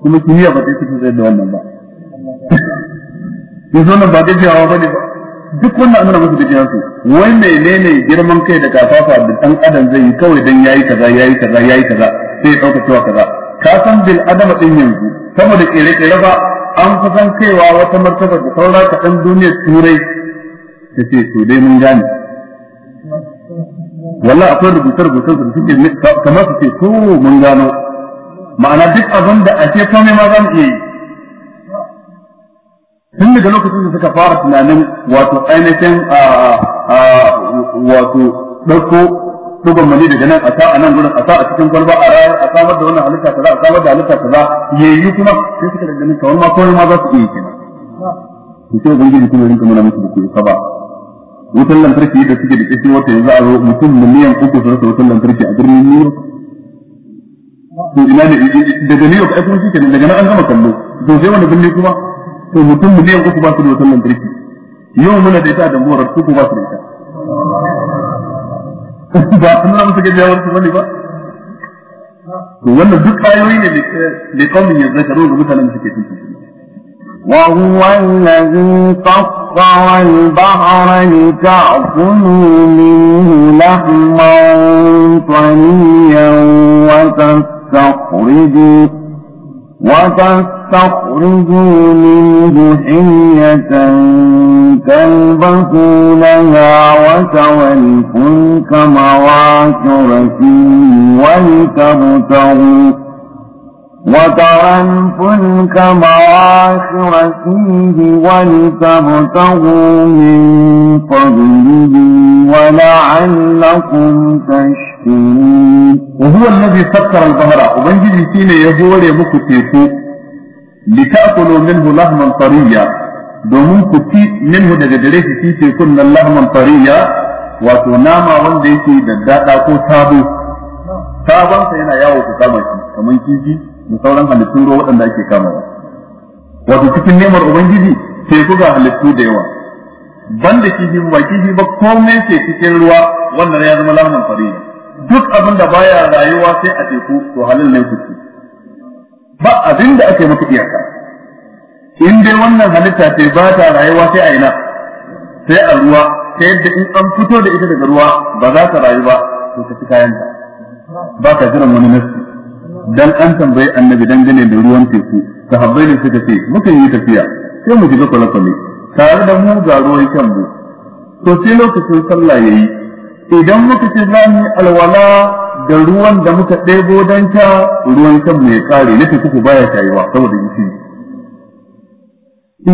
kuma kimiyya ba ta yi zai da wannan ba yanzu wannan ba gajiyawa ba ne ba duk wannan an musu gajiya su wai menene girman kai da kafafa da dan adam zai yi kawai dan yayi kaza yayi kaza yayi kaza sai ya dauka cewa kaza ka san bil adama din yanzu saboda ƙere ƙere ba an fi san cewa wata martaba da saura ta kan duniyar turai ta ce to dai mun gane wallahi akwai rubutar rubuce da suke kamar su ce to mun gano ma'ana duk abin da ake ta ma za mu iya yi tun daga lokacin da suka fara tunanin wato ainihin wato ɗauko duban mani daga nan a sa a nan gurin a sa a cikin kwalba a rayar a samar da wannan halitta kaza a samar da halitta kaza yi kuma sai suka daga nan kawai ma kawai ma za su iya kenan to sai mutum kuma rinka muna musu ku isa ba wutan lantarki da suke da kishi wata yanzu a zo mutum miliyan uku su rasa wutan lantarki a birnin New York to ina ne daga New York ai kuma shi daga nan an gama kallo to sai wani birni kuma to mutum miliyan uku ba su da wutan lantarki yau muna da ita da murar uku ba su da ita ba an nuna musu gajiyawar su bane ba to wannan duk ayoyi ne da kawai ya ga mutanen da suke tuntu وهو الذي سخر البحر لتأكلوا منه لحما طريا وتستخرجوا وتستخرجوا منه حية تلبسونها وترى الفلك مواكر فيه ولتبتغوا وترى الفلك مواخر فيه ولتبتغوا من فضله ولعلكم تشكرون وهو الذي سكر الظهر وبنجي سين يزور يبكو تيكو لتأكلوا منه لحما طريا domin ku ci minhu daga dare shi ci ce kun nan lahman fariya wato nama wanda yake da dada ko tabo tabon yana yawo ku kama shi kamar kifi da sauran halittun ruwa waɗanda ake kamawa wato cikin nemar ubangiji teku ga halittu da yawa banda kifi ba kifi ba komai ke cikin ruwa wannan ya zama lamun fari duk abin da baya rayuwa sai a teku to halin ne kuke ba abin da ake maka iyaka in dai wannan halitta sai ba ta rayuwa sai a ina sai a ruwa ta yadda in an fito da ita daga ruwa ba za ta rayu ba to ka fi kayan ba ka jiran wani nasu dan an tambayi annabi dangane da ruwan teku sahabbai ne suka ce muka yi tafiya sai mu shiga kwale-kwale tare da mu ga ruwan kyan mu to sai lokacin sallah yayi idan muka ce za mu alwala da ruwan da muka ɗebo don ta ruwan kyan mu ya kare na teku ku baya tayewa saboda yi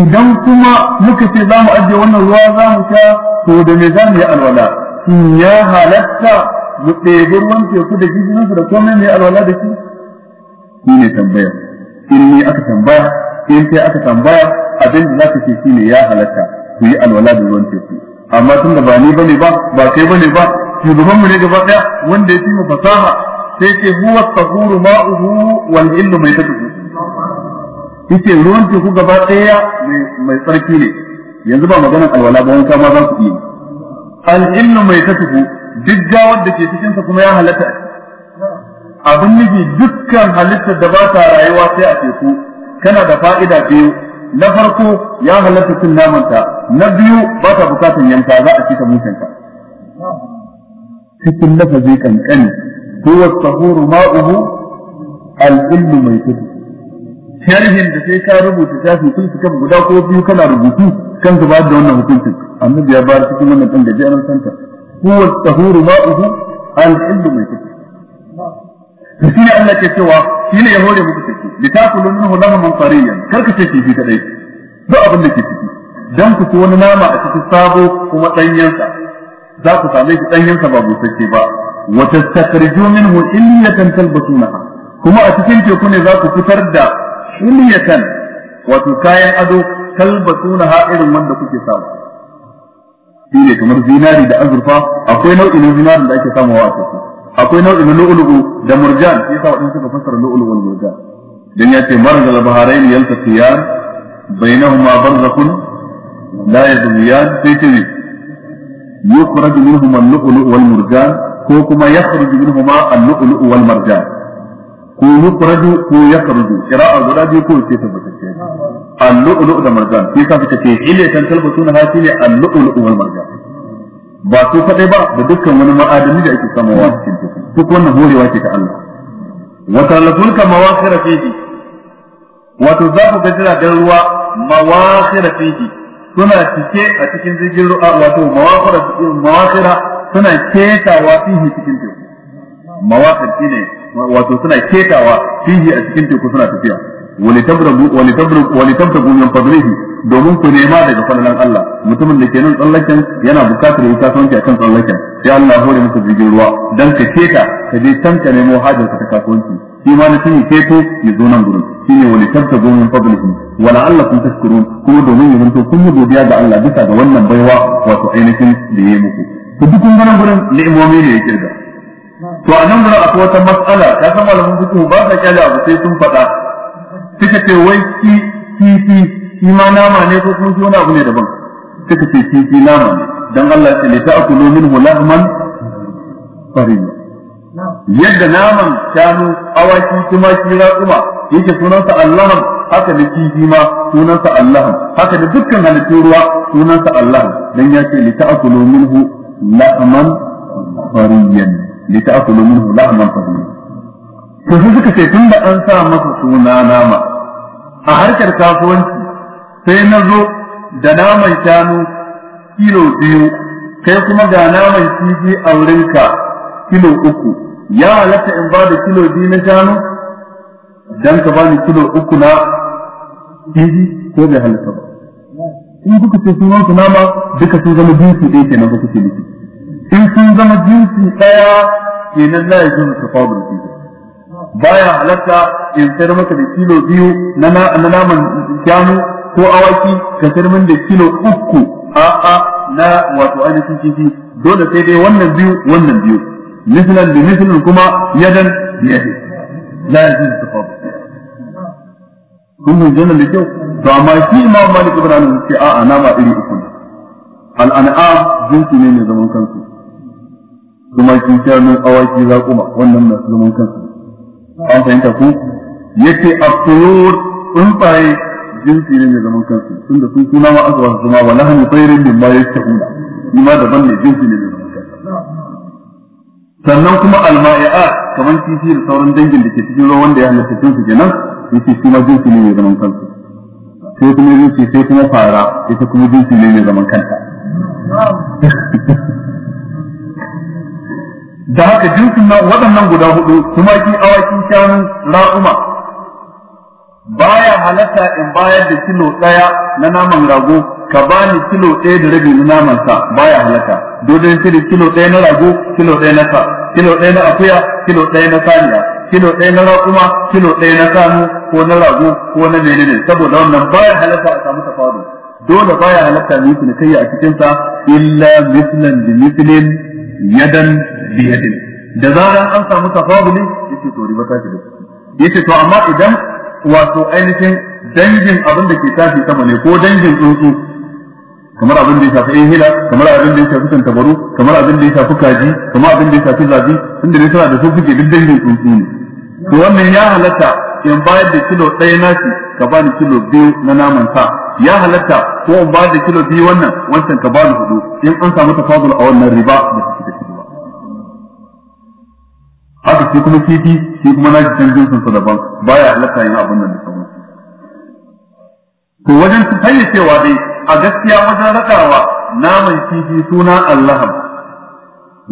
idan kuma muka ce za mu ajiye wannan ruwa za mu ta to da me za mu yi alwala in ya halatta mu ɗebi ruwan teku da jijinansu da komai mai alwala da shi shine tambaya ilimi aka tambaya in sai aka tambaya abin da zaka ce shine ya halatta ku yi alwala da ruwan teku amma tun da ba ni bane ba ba kai bane ba shugaban mu ne gaba daya wanda ya fi mu fasaha sai ce huwa tahuru ma'uhu wal ilmu mai tatu yace ruwan teku gaba daya mai tsarki ne yanzu ba maganar alwala ba wanka ma za ku iya al ilmu mai tatu duk gawar da ke cikinsa kuma ya halatta abin nufi dukkan halittar da ba ta rayuwa sai a teku kana da fa'ida biyu na farko ya halatta cin namanta na biyu ba ta bukatan yanka za a ci ta mutunta cikin zai kankani huwa tahuru ma'uhu al-ilmu mai kudu sharhin da sai ka rubuta shafi sun suka guda ko biyu kana rubutu kan su ba da wannan hukuncin annabi ya bar cikin wannan kan da jiran santa huwa tahuru ma'uhu al mai kudu to shine Allah ke cewa shine ya hore muku ciki litakulu minhu lahman tariyan karka ce kifi kadai duk abin da ke ciki dan ku ci wani nama a cikin sabo kuma danyensa za ku same shi danyensa ba busasshe ba wa tastakhriju minhu illatan talbasunaha kuma a cikin ke ku ne za ku fitar da illatan wato kayan ado talbasunaha irin wanda kuke samu shine kamar zinari da azurfa akwai nau'in zinari da ake samuwa a cikin akwai nau'in lu'ulu'u da murjan shi yasa wadansu suka fassara lu'ulu'u wal murjan dan ya ce marza al baharain yaltaqiyan bainahuma barzakhun la yadhiyan sai ce yukhraju minhuma al-lu'lu'u wal murjan ko kuma yakhruju minhuma al-lu'lu'u wal marjan ko yukhraju ko yakhruju qira'a guda biyu ko ce tabbatacce al-lu'lu'u da marjan shi yasa suka ce ilatan kalbatuna hasili al-lu'lu'u wal marjan ba su kadai ba da dukkan wani ma'adani da ake samuwa cikin su duk wannan horewa ce ta Allah wa ka mawakhira fihi wato za ku ga jiragen ruwa mawakhira fihi suna cike a cikin jirgin ruwa wato mawakhira mawakhira suna ketawa fihi cikin teku mawakhir shine wato suna ketawa fihi a cikin teku suna tafiya ولتبتغوا من فضله domin ku nema daga falalan Allah mutumin da ke nan tsallaken yana bukatar yi kasuwanci akan tsallaken sai Allah hore muku jirgin ruwa dan ka keta ka je can ka nemo hajar ka ta kasuwanci shi ma na sani keto ya zo nan gurin shi ne wani tabta zo min fadlihi wa la'allakum kuma domin ya zanto kun yi godiya ga Allah bisa ga wannan baiwa wato ainihin da yayi muku to duk kun ganan gurin ni'imomi ne ya kirga to a nan gurin akwai wata mas'ala ta san malamin fiqh ba ta kyale abu sai sun faɗa suka ce wai titi kifi shi ma nama ne ko kuma wani abu ne daban suka ce titi nama ne dan Allah ce lita min minhu lahman tariya yadda naman shanu awaki kuma shi raƙuma yake sunansa Allah haka da titi ma sunansa Allah haka da dukkan halittun ruwa sunansa Allah dan ya ce lita akulu minhu lahman tariya lita akulu minhu lahman tariya to su suka ce tun da an sa masa suna nama a harkar kasuwanci sai na zo da naman shanu kilo biyu kai kuma ga naman kifi a wurinka kilo uku ya halatta in ba da kilo biyu na shanu dan ka bani kilo uku na kifi ko bai halatta ba in kuka ce sunan su nama duka sun zama jinsi ɗaya kenan ba kuke nufi in sun zama jinsi ɗaya kenan la ta tafadul fiha baya halatta in sayar maka da kilo biyu na naman shanu ko awaki ka sayar min da kilo uku a'a na wato ainihin kifi dole sai dai wannan biyu wannan biyu mislan da mislan kuma yadan bi yadi la da tafadul kun mun jana da kyau to amma shi imam malik ibn anas ce a'a na ba iri uku ne al an'am jinsi ne mai zaman kansu kuma kin shanu awaki kuma wannan na zaman kansu an fahimta ku yace at-tuyur tsuntsaye jinsi ne mai zaman kansu tun da sun suna ma aka wasu suna wa lahani tsairin min ma yastahuna kuma da daban ne jinsi ne mai zaman kansu sannan kuma al-ma'i'a kaman kifi da sauran dangin da ke cikin ruwa wanda ya halatta jinsu kenan yace shi ma jinsi ne mai zaman kansu sai kuma jinsi sai kuma fara ita kuma jinsi ne mai zaman kanta da haka jinsin na waɗannan guda hudu tumaki awaki shanu ra'uma baya halatta in bayar da kilo ɗaya na naman rago ka bani kilo ɗaya da rabi na naman sa baya halatta dole sai kilo ɗaya na rago kilo ɗaya na sa kilo ɗaya na akuya kilo ɗaya na saniya kilo ɗaya na ra'uma, kilo ɗaya na sanu ko na rago ko na menene saboda wannan baya halatta a samu tafadu dole baya halatta mu kai a cikin sa illa mislan bi yadan biyatin da zaran an samu tafaduli yace to riba ta shiga yace to amma idan wato ainihin dangin abin da ke tafi sama ne ko dangin tsuntsu kamar abin da ya shafi ehila kamar abin da ya shafi tantabaru kamar abin da ya shafi kaji kamar abin da ya shafi zabi inda ne suna da su kuke duk dangin tsuntsu ne to wannan ya halatta in bayar da kilo ɗaya nashi ka bani kilo biyu na naman sa ya halatta ko in bayar da kilo biyu wannan wancan ka bani hudu in an samu tafadul a wannan riba da haka shi kuma kifi shi kuma na can jinsin sa daban baya halatta yin abin nan da sauran to wajen cewa dai a gaskiya wajen rakawa naman kifi suna allaham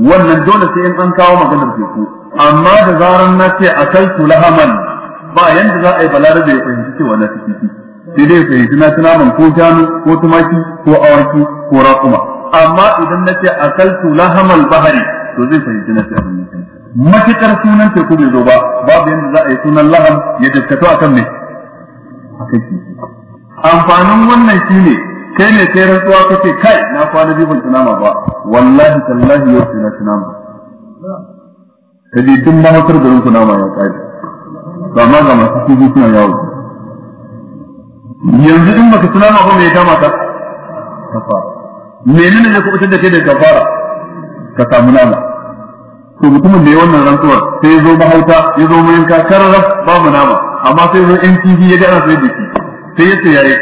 wannan dole sai in an kawo maganar teku amma da zaran na ce a kaltu lahaman ba yanda za a yi da ya fahimci cewa na kifi sai dai fahimci na naman ko shanu ko tumaki ko awaki ko raƙuma amma idan na ce a kaltu lahamal bahari to zai fahimci na abin matakar sunan teku mai zo ba babu yadda za a yi sunan laham ya daskato a kan mai amfanin wannan shi ne kai ne kai rantsuwa ka ce kai na kwana biyu ban tunama ba wallahi tallahi ya sai na tunama ta je tun mahaukar garin tunama ya kare ba ma ga masu kuzi suna yawo yanzu in baka tunama ba mai dama ka kafara menene ne kubutar da kai da kafara ka samu nama to mutumin da ya wannan rantsuwar sai ya zo mahauta ya zo mayanka ba babu nama amma sai zo NTV ya ga sai da shi sai ya ce ya yi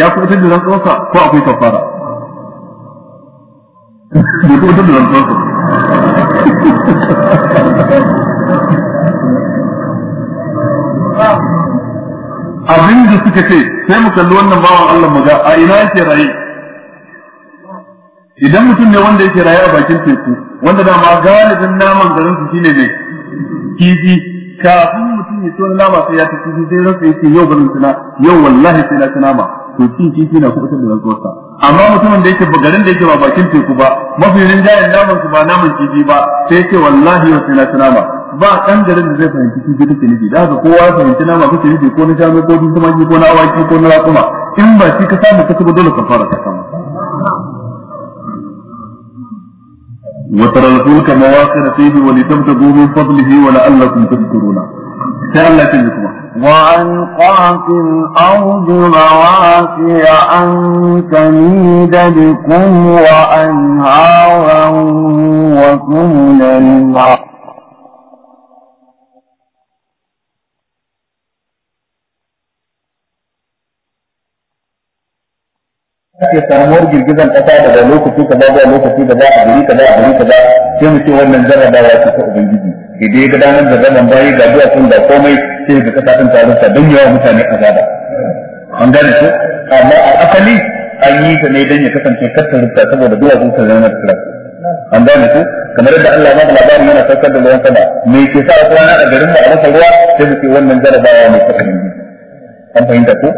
ya kubutar da rantsuwarsa ko akwai kafara bai kubutar da rantsuwarsa abin da suka ce sai mu kalli wannan bawan Allah mu ga a ina yake raye idan mutum ne wanda yake raye a bakin teku wanda dama galibin naman garin su shine mai kifi kafin mutum ya tona nama sai ya ta kifi sai rasa yake yau garin tuna yau wallahi sai na tuna ma to cin kifi na kubutar da sa. amma mutumin da yake garin da yake ba bakin teku ba mafi rinjayen naman su ba naman kifi ba sai yake wallahi yau sai na tuna ma ba ɗan garin da zai fahimci kifi take nufi da haka kowa ya fahimci nama kake nufi ko na shanu ko na tumaki ko na awaki ko na raƙuma in ba shi ka samu ka ci ba dole ka fara ka samu وترى الفلك مواخر فيه ولتبتغوا من فضله ولعلكم تشكرون تعالى تلكم وألقى في الأرض رواسي أن تميد بكم وأنهارا وسبلا ke samuwar girgizan kasa daga lokaci ba zuwa lokaci za a gari kaza a gari kaza sai mu ce wannan jarrabawa ce ta ubangiji idan ya ga da jarraban bayi ga duwa sun ga komai sai ga kasa din tarusa don yawa mutane a azaba an gane su amma a asali an yi ta ne don ya kasance kasar rufta saboda duwa sun sa zama tsira. an gane su kamar yadda Allah ya labari yana saukar da ruwan sama me ke sa kwana a garin da a rasa ruwa sai mu ce wannan jarrabawa ne ta ubangiji an fahimta ko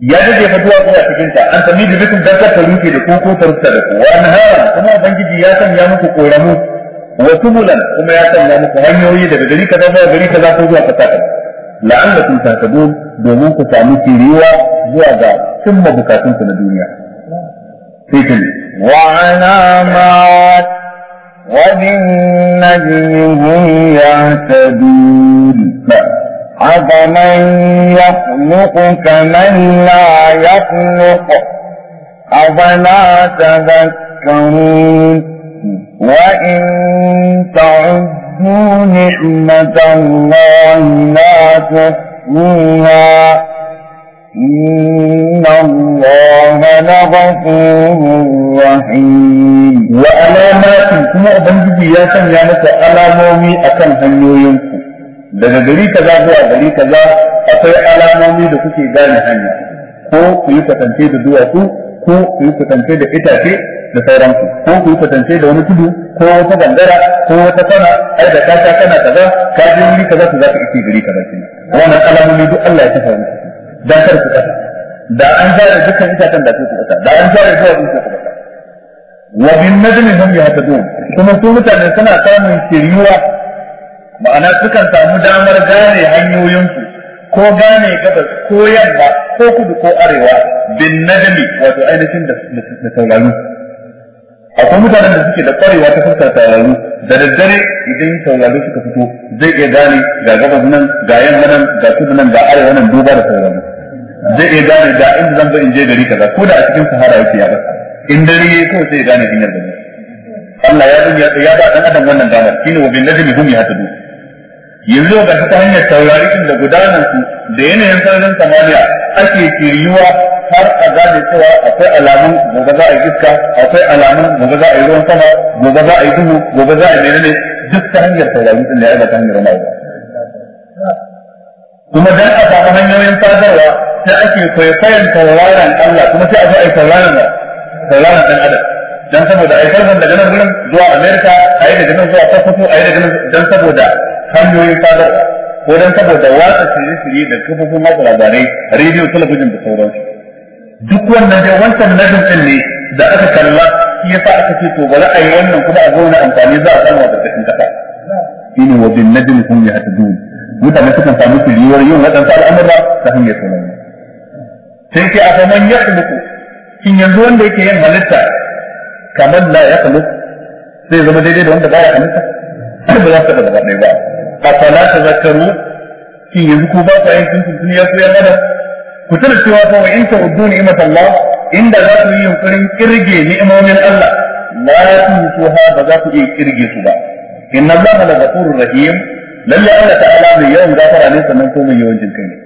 ya je jefa duwatsu a cikin ta an sami bibitin dan ta rufe da koko ta rufe da kowa an hara kuma ubangiji ya sanya muku koramu wa kumulan kuma ya sanya muku hanyoyi daga gari kaza zuwa gari kaza ko zuwa kasa kaza la'allakum tahtadun domin ku samu cirewa zuwa ga cimma bukatun ku na duniya sai kin wa alamat wa bin najmi hum yahtadun afaman يخلقك من لا يخلق أفلا تذكرون وإن تعدوا نعمة الله لا تحصوها إن الله لغفور رحيم وعلامات كما أبنجي يا سن يا مسا ألامومي أكن هنيوينكو daga gari kaza zuwa gari kaza akwai alamomi da kuke gane hanya ko ku yi fatance da duwatsu ko ku yi fatance da itace da sauransu ko ku yi fatance da wani tudu ko wata gangara ko wata sana ai da kaka kana kaza ka je wuri kaza ka zaka ice gari kaza kin wannan alamomi duk Allah ya tafi da dan kar ku kasa da an fara dukkan itacen da kuke kasa da an fara duwatsu kuke kasa wa bin najmi hum yahtadun kuma su mutane suna samun shiriyuwa ma'ana sukan samu damar gane hanyoyinsu ko gane gabas ko yamma ko kudu ko arewa bin najmi wato ainihin da sauraro akwai mutanen da suke da kwarewa ta fuskar sauraro da daddare idan sauraro suka fito zai iya gane ga gabas nan ga yamma nan ga kudu nan ga arewa nan duba da sauraro zai iya gane da inda zan zo in je gari kaza ko da a cikin sahara yake ya baka in dare yayi ko sai ya gane hanyar da Allah ya ya ba dan adam wannan damar shine wa bin najmi hum yahtadun yanzu ga ta hanyar taurarikin da gudanar su da yanayin sararin samaniya ake kiriwa har a gane cewa akwai alamun gobe za a yi iska akwai alamun gobe za a yi ruwan sama gobe za a yi duhu gobe za a yi menene duk ta hanyar taurarikin da ya ta hanyar mai kuma dan a samu hanyoyin sadarwa sai ake kwaikwayon tauraron Allah kuma sai a zo a yi tauraron tauraron ɗan adam dan saboda a yi daga nan gurin zuwa Amerika a yi daga nan zuwa Sokoto a yi daga nan dan saboda hanyoyin sadarwa ko dan saboda watsa shirye-shirye da kafofin watsa labarai rediyo talabijin da sauransu duk wannan dai wancan nadin din ne da aka kalla shi yasa aka ce to bari a yi wannan kuma a zauna amfani za a samu a ƙarƙashin ƙasa shine wa bin nadin kun ya hadu mutane sukan samu shiriyar yin waɗansu al'amura ta hanyar tunani sai ke a saman ya kuluku shin yanzu wanda yake yin halitta kamar la ya kuluku zai zama daidai da wanda ba ya halitta ba za su taɓa gaba ɗaya ba afala tazakkaru shin yanzu ku ba ku aikin tuntuni ya koya mana ku tuna cewa fa wa in ta'uddu ni'mat Allah inda za ku yi yunkurin kirge ni'imomin Allah la tuhsuha ba za ku iya kirge su ba inna Allah la ghafurur rahim lalle Allah ta'ala mai yawan gafara ne sannan ko mai yawan jinkai ne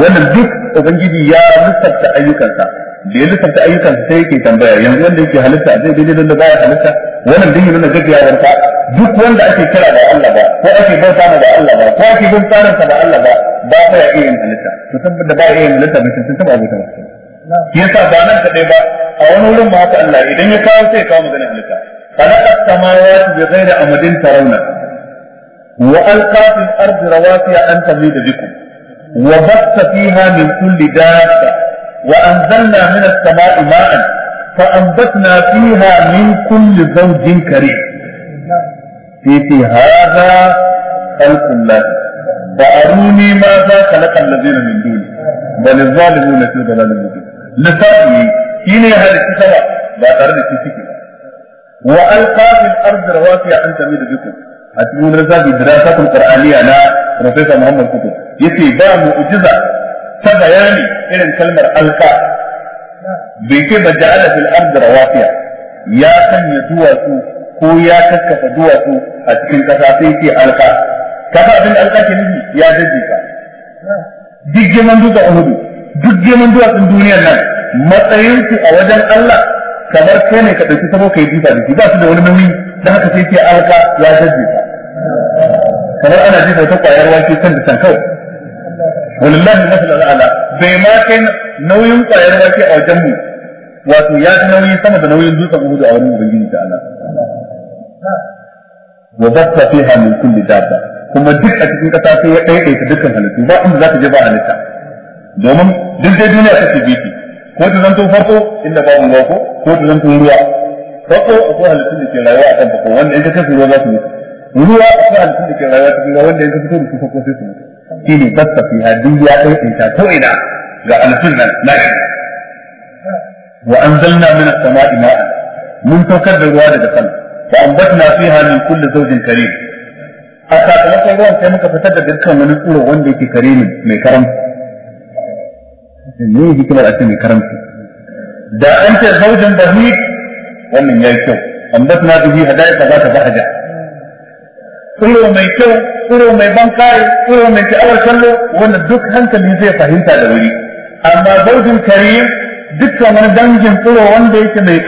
wannan duk ubangiji ya lissafta ayyukansa da ya lissafta ayyukansa sai yake tambaya yanzu wanda yake halitta zai daidai da ya halitta wannan duk yana gaggawar ta duk wanda ake kira da Allah ba ko ake bauta da Allah ba ko ake bin tsarin da Allah ba ba ta iya yin halitta to da ba iya yin halitta ba sun taba abota ba yasa ba nan kadai ba a wani wurin ma haka Allah idan ya kawo sai kawo maganar halitta khalaqa samawati bi ghairi amadin tarawna wa alqa fil ardi rawasiya an tamida bikum wa batta fiha min kulli dabba wa anzalna minas sama'i ma'an fa anbatna fiha min kulli zawjin karim sai hada khalqul lahi fa aruni ma za khalaqa allazina min duni bal zalimuna fi dalalin mubin lissafi shine halitta sama ba tare da shi wa alqa fil ardi rawasiya an tamida a cikin lissafi dirasatul qur'aniya na professor Muhammad Kutub yace ba mu'ujiza ta bayani irin kalmar alqa bai ce ba ja'ala fil ardi ya sanya duwatsu ko ya kaskasa duwatsu a cikin kasa sai ce alka kasa abin da alka ke nufi ya zaje ka duk girman duka uhudu duk girman duwatsun duniyar nan matsayinsu a wajen Allah kamar kai ne ka ɗauki sabo ka yi duka da shi ba su da wani nauyi da haka sai ce alka ya zaje ka kamar ana jefa ta kwayar wake can da can kawai walillahi masal ala bai ma kai nauyin kwayar wake a wajen mu wato ya ji nauyi sama da nauyin dutsen uhudu a wani ubangiji ta Allah wa batta fiha min kulli dabba kuma duk a cikin kasa sai ya daidaita dukkan halittu ba inda ta je ba halitta domin duk dai duniya take biki ko ta zanto farko inda ba mu ruwa ko ko ta zanto ruwa farko akwai halittun da ke rayuwa a kan ko, wanda in ka kasu ruwa za su yi. ruwa akwai halittun da ke rayuwa cikin ruwa wanda in ka fito da su farko sai su yi. shi ne basta fiha duk ya daidaita ko ina ga halittun nan na shi wa anzalna min as-sama'i ma'an mun saukar da ruwa daga sama فأنبتنا فيها من كل زوج كريم a sakamakon ruwan sai muka fitar da dukkan wani tsiro wanda yake karimi mai karamci ne hikimar a ce mai karamci da an ce zaujin barni wannan ya yi kyau ambat na bihi hadaya ka za ta bahaja tsiro mai kyau tsiro mai bankare tsiro mai sha'awar kallo wanda duk hankali zai fahimta da wuri amma zaujin karim dukkan wani dangin tsiro wanda mai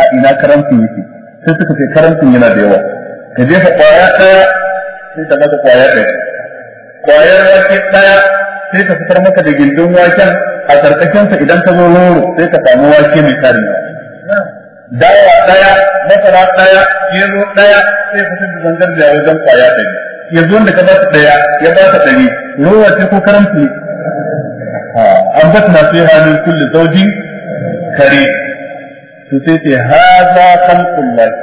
a ina karamcin yake sai suka ce karamcin yana da yawa ka jefa kwaya ɗaya sai ta baka kwaya ɗaya kwayar wake ɗaya sai ka fitar maka da gindin waken a ƙarƙashinsa idan ka zo roro sai ka samu wake mai tarin dawa ɗaya masara ɗaya gero ɗaya sai ka fitar da zangar da wajen kwaya ɗari yanzu wanda ka ba ɗaya ya ba ka ɗari rowa ce ko karamci ne an masu yi min kulle zaudi kare. sai ce haza khalqul lahi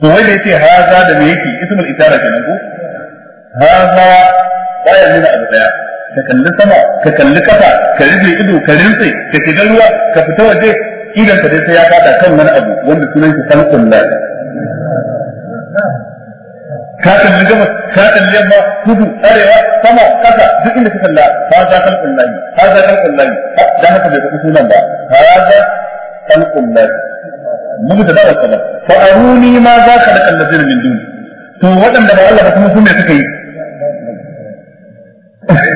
to wai ne ce haza da me yake ismul itara nan ko haza baya nuna abu daya ka kalli sama ka kalli kafa ka rufe ido ka rinse ka shiga ruwa ka fita waje idan ka dai sai ya kada kan wani abu wanda sunan shi kan lahi ka kalli gama ka kalli yamma kudu arewa sama kasa duk inda ka kalla haza khalqul ka haza kan lahi da haka bai faɗi sunan ba haza khalqun lahi mubtada wa sabab fa aruni ma za ka da kallazina min duni to waɗanda ba Allah ba kuma su me suka yi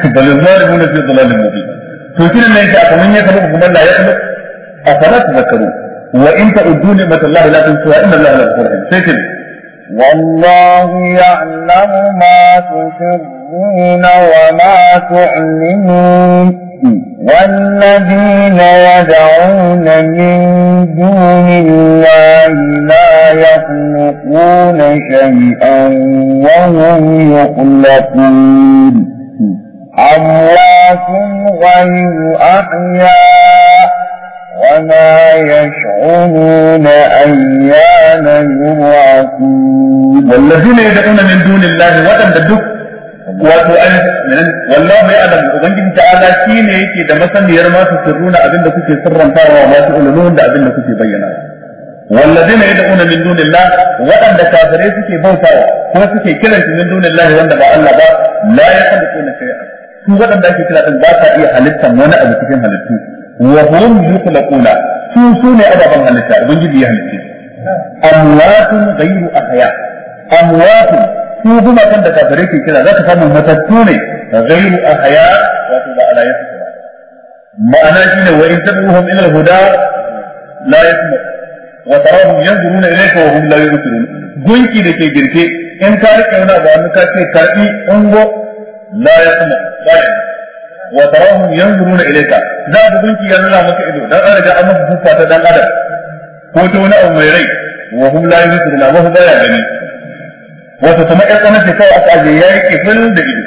bal zalimuna fi dhalalin mubin to kina ne ka kaman ya kalu kuma la ya kalu afala tadhakkaru wa in ta'uddu sai والله يعلم ما تسرون وما تعلنون والذين يدعون من دون الله لا يخلقون شيئا وهم يخلقون أموات غير أحياء وما يشعرون أيان يبعثون والذين يدعون من دون الله ودم دك wato an wallahu ya alamu ubangiji ta'ala shi ne yake da masaniyar ma su sirruna da kuke sirranta wa masu ululun da abin da kuke bayyana والذين يدعون من دون الله وأن suke سكي بوتاوا كما سكي كلا من دون الله وأن الله با لا يخلقون شيئا su waɗanda ake kira ɗin ba ta iya halittar wani abu cikin halittu wa hum yukhlaquna su su ne adaban halitta ubangiji ya halitta amwatun ghayru ahya amwatun su gumakan da kafirai ke kira za ka samu matattu ne da a haya. wato ba ala yasu ma'ana shine wa in ta ila al-huda la yasma wa tarahum yanzuruna ilayka wa hum la yubsirun gunki da ke girke in ka rike wani abu an ka ce karbi ungo la yasma wa tarahum yanzuruna ilayka za ga gunki ya nuna maka ido dan an riga an maka kufa ta dan adam ko ta wani abu mai rai wa hum mutu yubsirun wa hum la gani. wato kamar ƴan tsanar da a aka ya rike fil da ido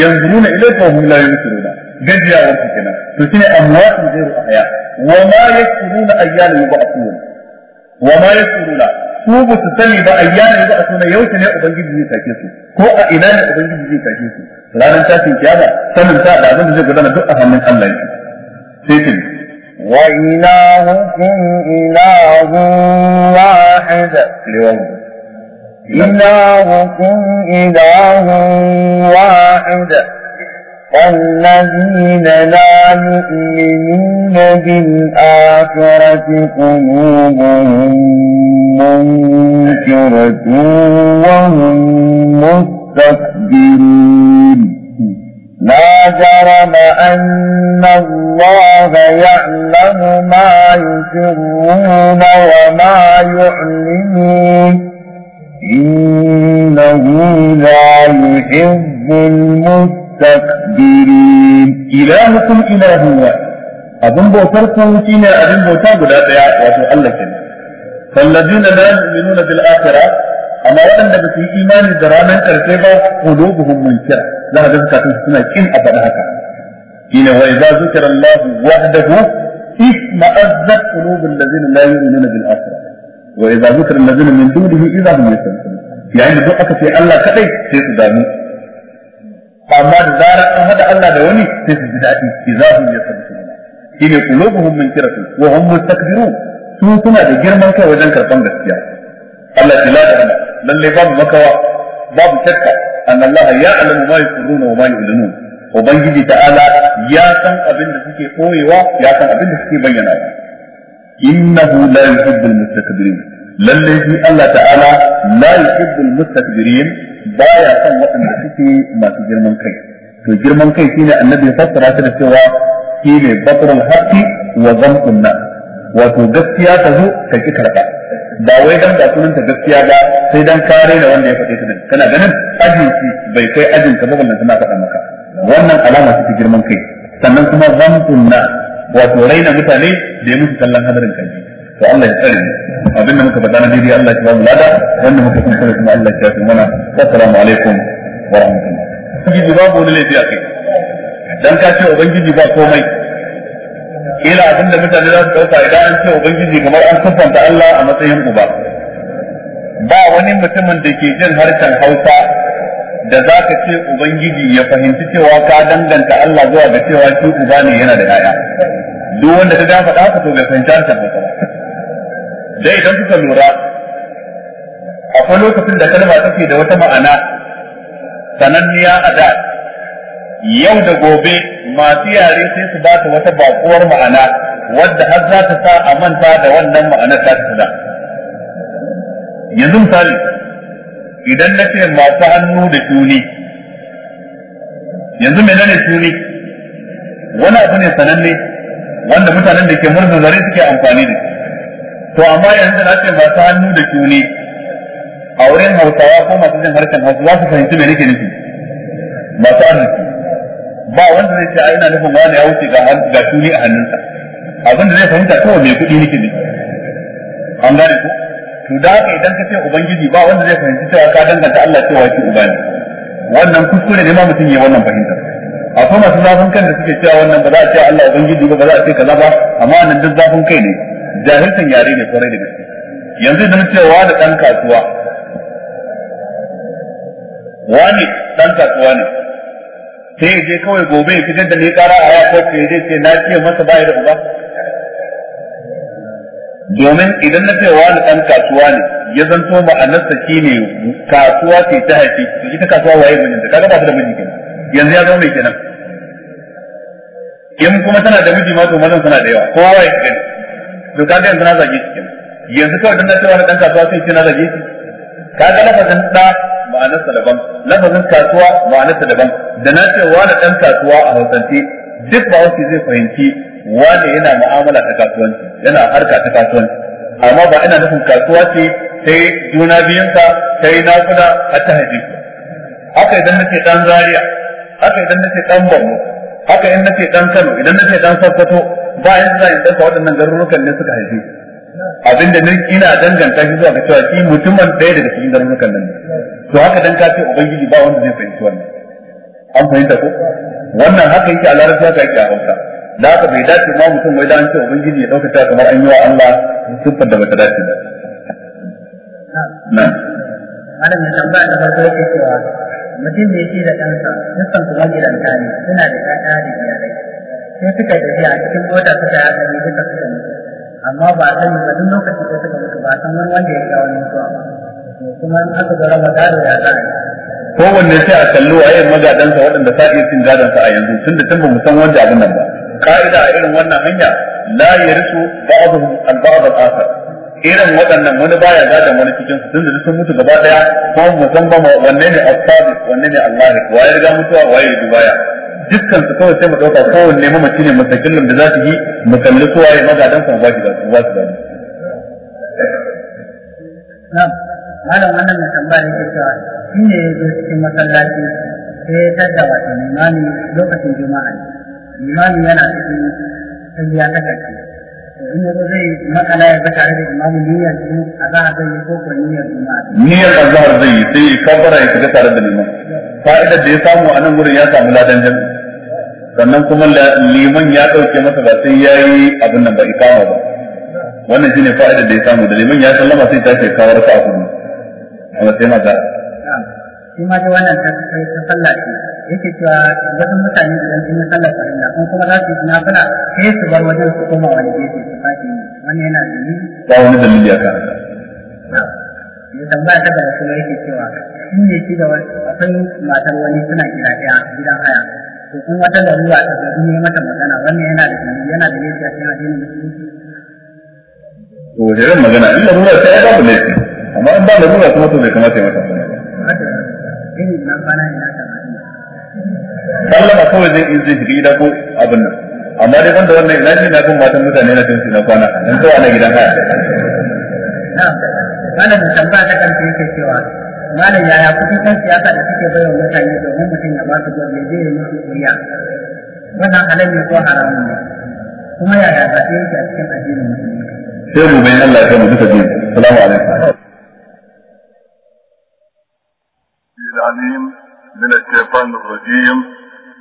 yanzu nuna ilai ko hum la yusiruna gajiyawar su kenan to shine amwatun ghairu ahya wa ma yashuruna ayyana yub'athun wa ma yashuruna su ba sani ba ayyana yub'athuna yaushe ne ubangiji zai sake su ko a ina ne sake su ranar tashin kiyama sanin ta da abin da gudana duk a hannun Allah ne وإلهكم إله واحد لوجه إلهكم إله واحد والذين لا يؤمنون بالآخرة قلوبهم منكرة وهم مستكبرون لا جرم أن الله يعلم ما يسرون وما يعلنون إنه لا يحب المستكبرين إلهكم إله واحد abin bautar kun shine abin bauta guda daya wato Allah kenan fallazina la yu'minuna bil akhirah amma waɗanda ba yi imani da ranar ƙarshe ba qulubuhum munkira za ka ga suna kin a faɗa haka shine wa idza zikra Allah wa idza zikra allazina min dunihi idza hum yastamtun yayin da duk aka ce Allah kaɗai sai su damu amma da zarar an hada Allah da wani sai su ji daɗi idza hum yastamtun shine qulubuhum min kiratin wa hum mustakbirun su suna da girman kai wajen karban gaskiya Allah ya lada lalle babu makawa babu shakka أن الله يعلم ما يسرون وما يعلنون وبنجي تعالى يا سن أبن سكي قوي يا سن أبن سكي بينا innahu la yuhibbul mustakbirin lalle shi Allah ta'ala la yuhibbul mustakbirin baya son waɗanda suke masu girman kai to girman kai shine annabi ya fassara ta da cewa shine batrul haqqi wa zamtun wato gaskiya ta zo ta ki karba ba wai dan ba ta gaskiya ba sai dan kare da wanda ya faɗe ta kana ganin ajin shi bai kai ajin ka ba wannan kana faɗa maka wannan alama ce girman kai sannan kuma zamtun wato raina mutane da ya musu kallon hadarin kalbi to Allah ya tsare mu abin da muka faɗa na daidai Allah ya ba mu lada wanda muka san kuma kuma Allah ya tafi mana assalamu alaikum wa rahmatullahi ubangiji babu wani laifi a kai dan ka ce ubangiji ba komai kila abin da mutane za su dauka idan an ce ubangiji kamar an siffanta Allah a matsayin uba ba wani mutumin da ke jin harshen Hausa da za ka ce ubangiji ya fahimci cewa ka danganta Allah zuwa ga cewa shi uba ne yana da yaya duk wanda ka gafa da to bai fahimci harshen ba dai idan kuka lura akwai lokacin da kalma take da wata ma'ana sananniya a da yau da gobe masu yare sai su ba ta wata bakuwar ma'ana wadda har za ta sa a manta da wannan ma'anar ta ta yanzu misali idan na ce masu hannu da tuni yanzu mai ne tuni wani abu ne sananne wanda mutanen da ke murza zare suke amfani da to amma yanzu na ce masu hannu da tuni a wurin hausawa ko masu jin harshen hausa za su fahimci mai nake nufi masu hannu ba wanda zai ce a ina nufin wani ya wuce ga tuni a hannunsa abin da zai fahimta kawai mai kuɗi nake ne, an gane ku to da haka idan ka ce ubangiji ba wanda zai fahimci cewa ka danganta Allah cewa shi uba ne wannan kuskure ne ma mutum ya wannan fahimta akwai masu zafin kan da suke cewa wannan ba za a ce Allah ubangiji ba ba za a ce kaza ba amma nan duk zafin kai ne jahilcin yare ne kwarai da gaske yanzu idan cewa da dan kasuwa wani dan kasuwa ne sai je kawai gobe ya fitar da ni kara a ya ko ce na ce masa bai da uba domin idan na cewa wani ɗan kasuwa ne ya zanto ma'anarsa shi ne kasuwa ce ta haifi ita kasuwa waye mijinta kaga ba ta da miji kenan yanzu ya zama mai kenan in kuma tana da miji ma to mazan suna da yawa kowa ya gani to kaga yanzu na zage shi kenan yanzu kawai dan na cewa wani ɗan kasuwa sai ce na zage shi kaga lafazin ɗa ma'anarsa daban lafazin kasuwa ma'anarsa daban da na cewa wani ɗan kasuwa a hausance duk ba wasu zai fahimci wani yana mu'amala ta kasuwanci yana harka ta kasuwanci amma ba ina nufin kasuwa ce sai juna biyunsa sai na kuna, a ta haifi haka idan nake dan zaria haka idan nake dan borno haka idan nake dan kano idan nake dan sokoto ba in za in danka waɗannan garurukan ne suka haifi abinda nan ina danganta shi zuwa ga cewa shi mutumin ɗaya daga cikin garurukan nan to haka dan ka ce ubangiji ba wanda zai fahimci wannan an fahimta ko wannan haka yake a larabci haka yake a hausa da haka bai dace ma mutum wai da an ce ubangiji ya dauka ta kamar an yi wa Allah siffar da bata dace ba na malam ya tambaya da farko yake cewa mutum da yake da kansa dukkan kuma gidanta ne suna da ƴaƴa da iyalai sai suka tafi a cikin mota suka yi hakan suka fita amma ba a sani ba duk lokacin da suka mutu ba san wani wanda ya ga wani zuwa ba kuma in aka zo raba gado ya za a yi kowanne sai a kallo a yin magadansa waɗanda sa iya cin gadansa a yanzu tun da tun ba mu san wanda abin nan ba ka'ida a irin wannan hanya la yarisu ba'dhum al-ba'd al-akhar irin waɗannan wani baya gadan wani cikin su da sun mutu gaba daya ko mu san ba wanne ne as-sadiq wanne ne Allah wa ya riga mutuwa wa ya baya dukkan su kawai sai mu dauka kowanne mamaci ne mustaqillin da za su yi mu kalli su waye magadan sa ba shi da ba su da na'am malam wannan na tambaya yake cewa shi ne ya zo cikin masallaci sai ya tattawa imani lokacin juma'a imami yana cikin sai ya kasance in yanzu zai makala ya ga tare da imami niyyar shi a za a zai ko ko niyyar imami niyyar zahar zai yi sai kabbara ya shiga tare da liman fa'idar da ya samu a nan gurin ya samu ladan jami'i sannan kuma liman ya ɗauke masa ba sai ya yi abin nan ba ikama ba wannan shine fa'idar da ya samu da liman ya sallama sai ta ce kawar ka a kudu a matsayin azhar shi ma dai wannan ta kai ta sallah yake cewa wasu mutane idan sun yi sallar farilla kun kuma za su yi nafila sai su bar wajen su koma wani gefe su sake yi wani yana da ni ba wani dalili a kan ne tambaya ta gaba kuma yake cewa shi ne shi da akwai matar wani suna gida ɗaya gidan haya to kun wata larura ta zabi ne mata magana wannan yana da ni yana da laifi a cikin addinin musulunci to wajen magana in larura ta ya babu laifi amma in ba larura kuma to bai kamata ya mata magana ba. Ina kwana ina sallama kawai zai iya shiga gida ko abin nan amma dai wanda wannan ina shi na kan matan mutane na tunsi na kwana dan kawai ana gidan haya wannan da tambaya ta kan yake cewa malam yaya kuka san siyasa da suke bayar mutane domin mutum ya ba su gwamnati zai yi musu kuriya wannan halin ne ko haramun ne kuma yaya zaɓe yake a cikin addinin musulmi sai mu bayyana Allah ya kai mu duka biyu salamu alaikum من الشيطان الرجيم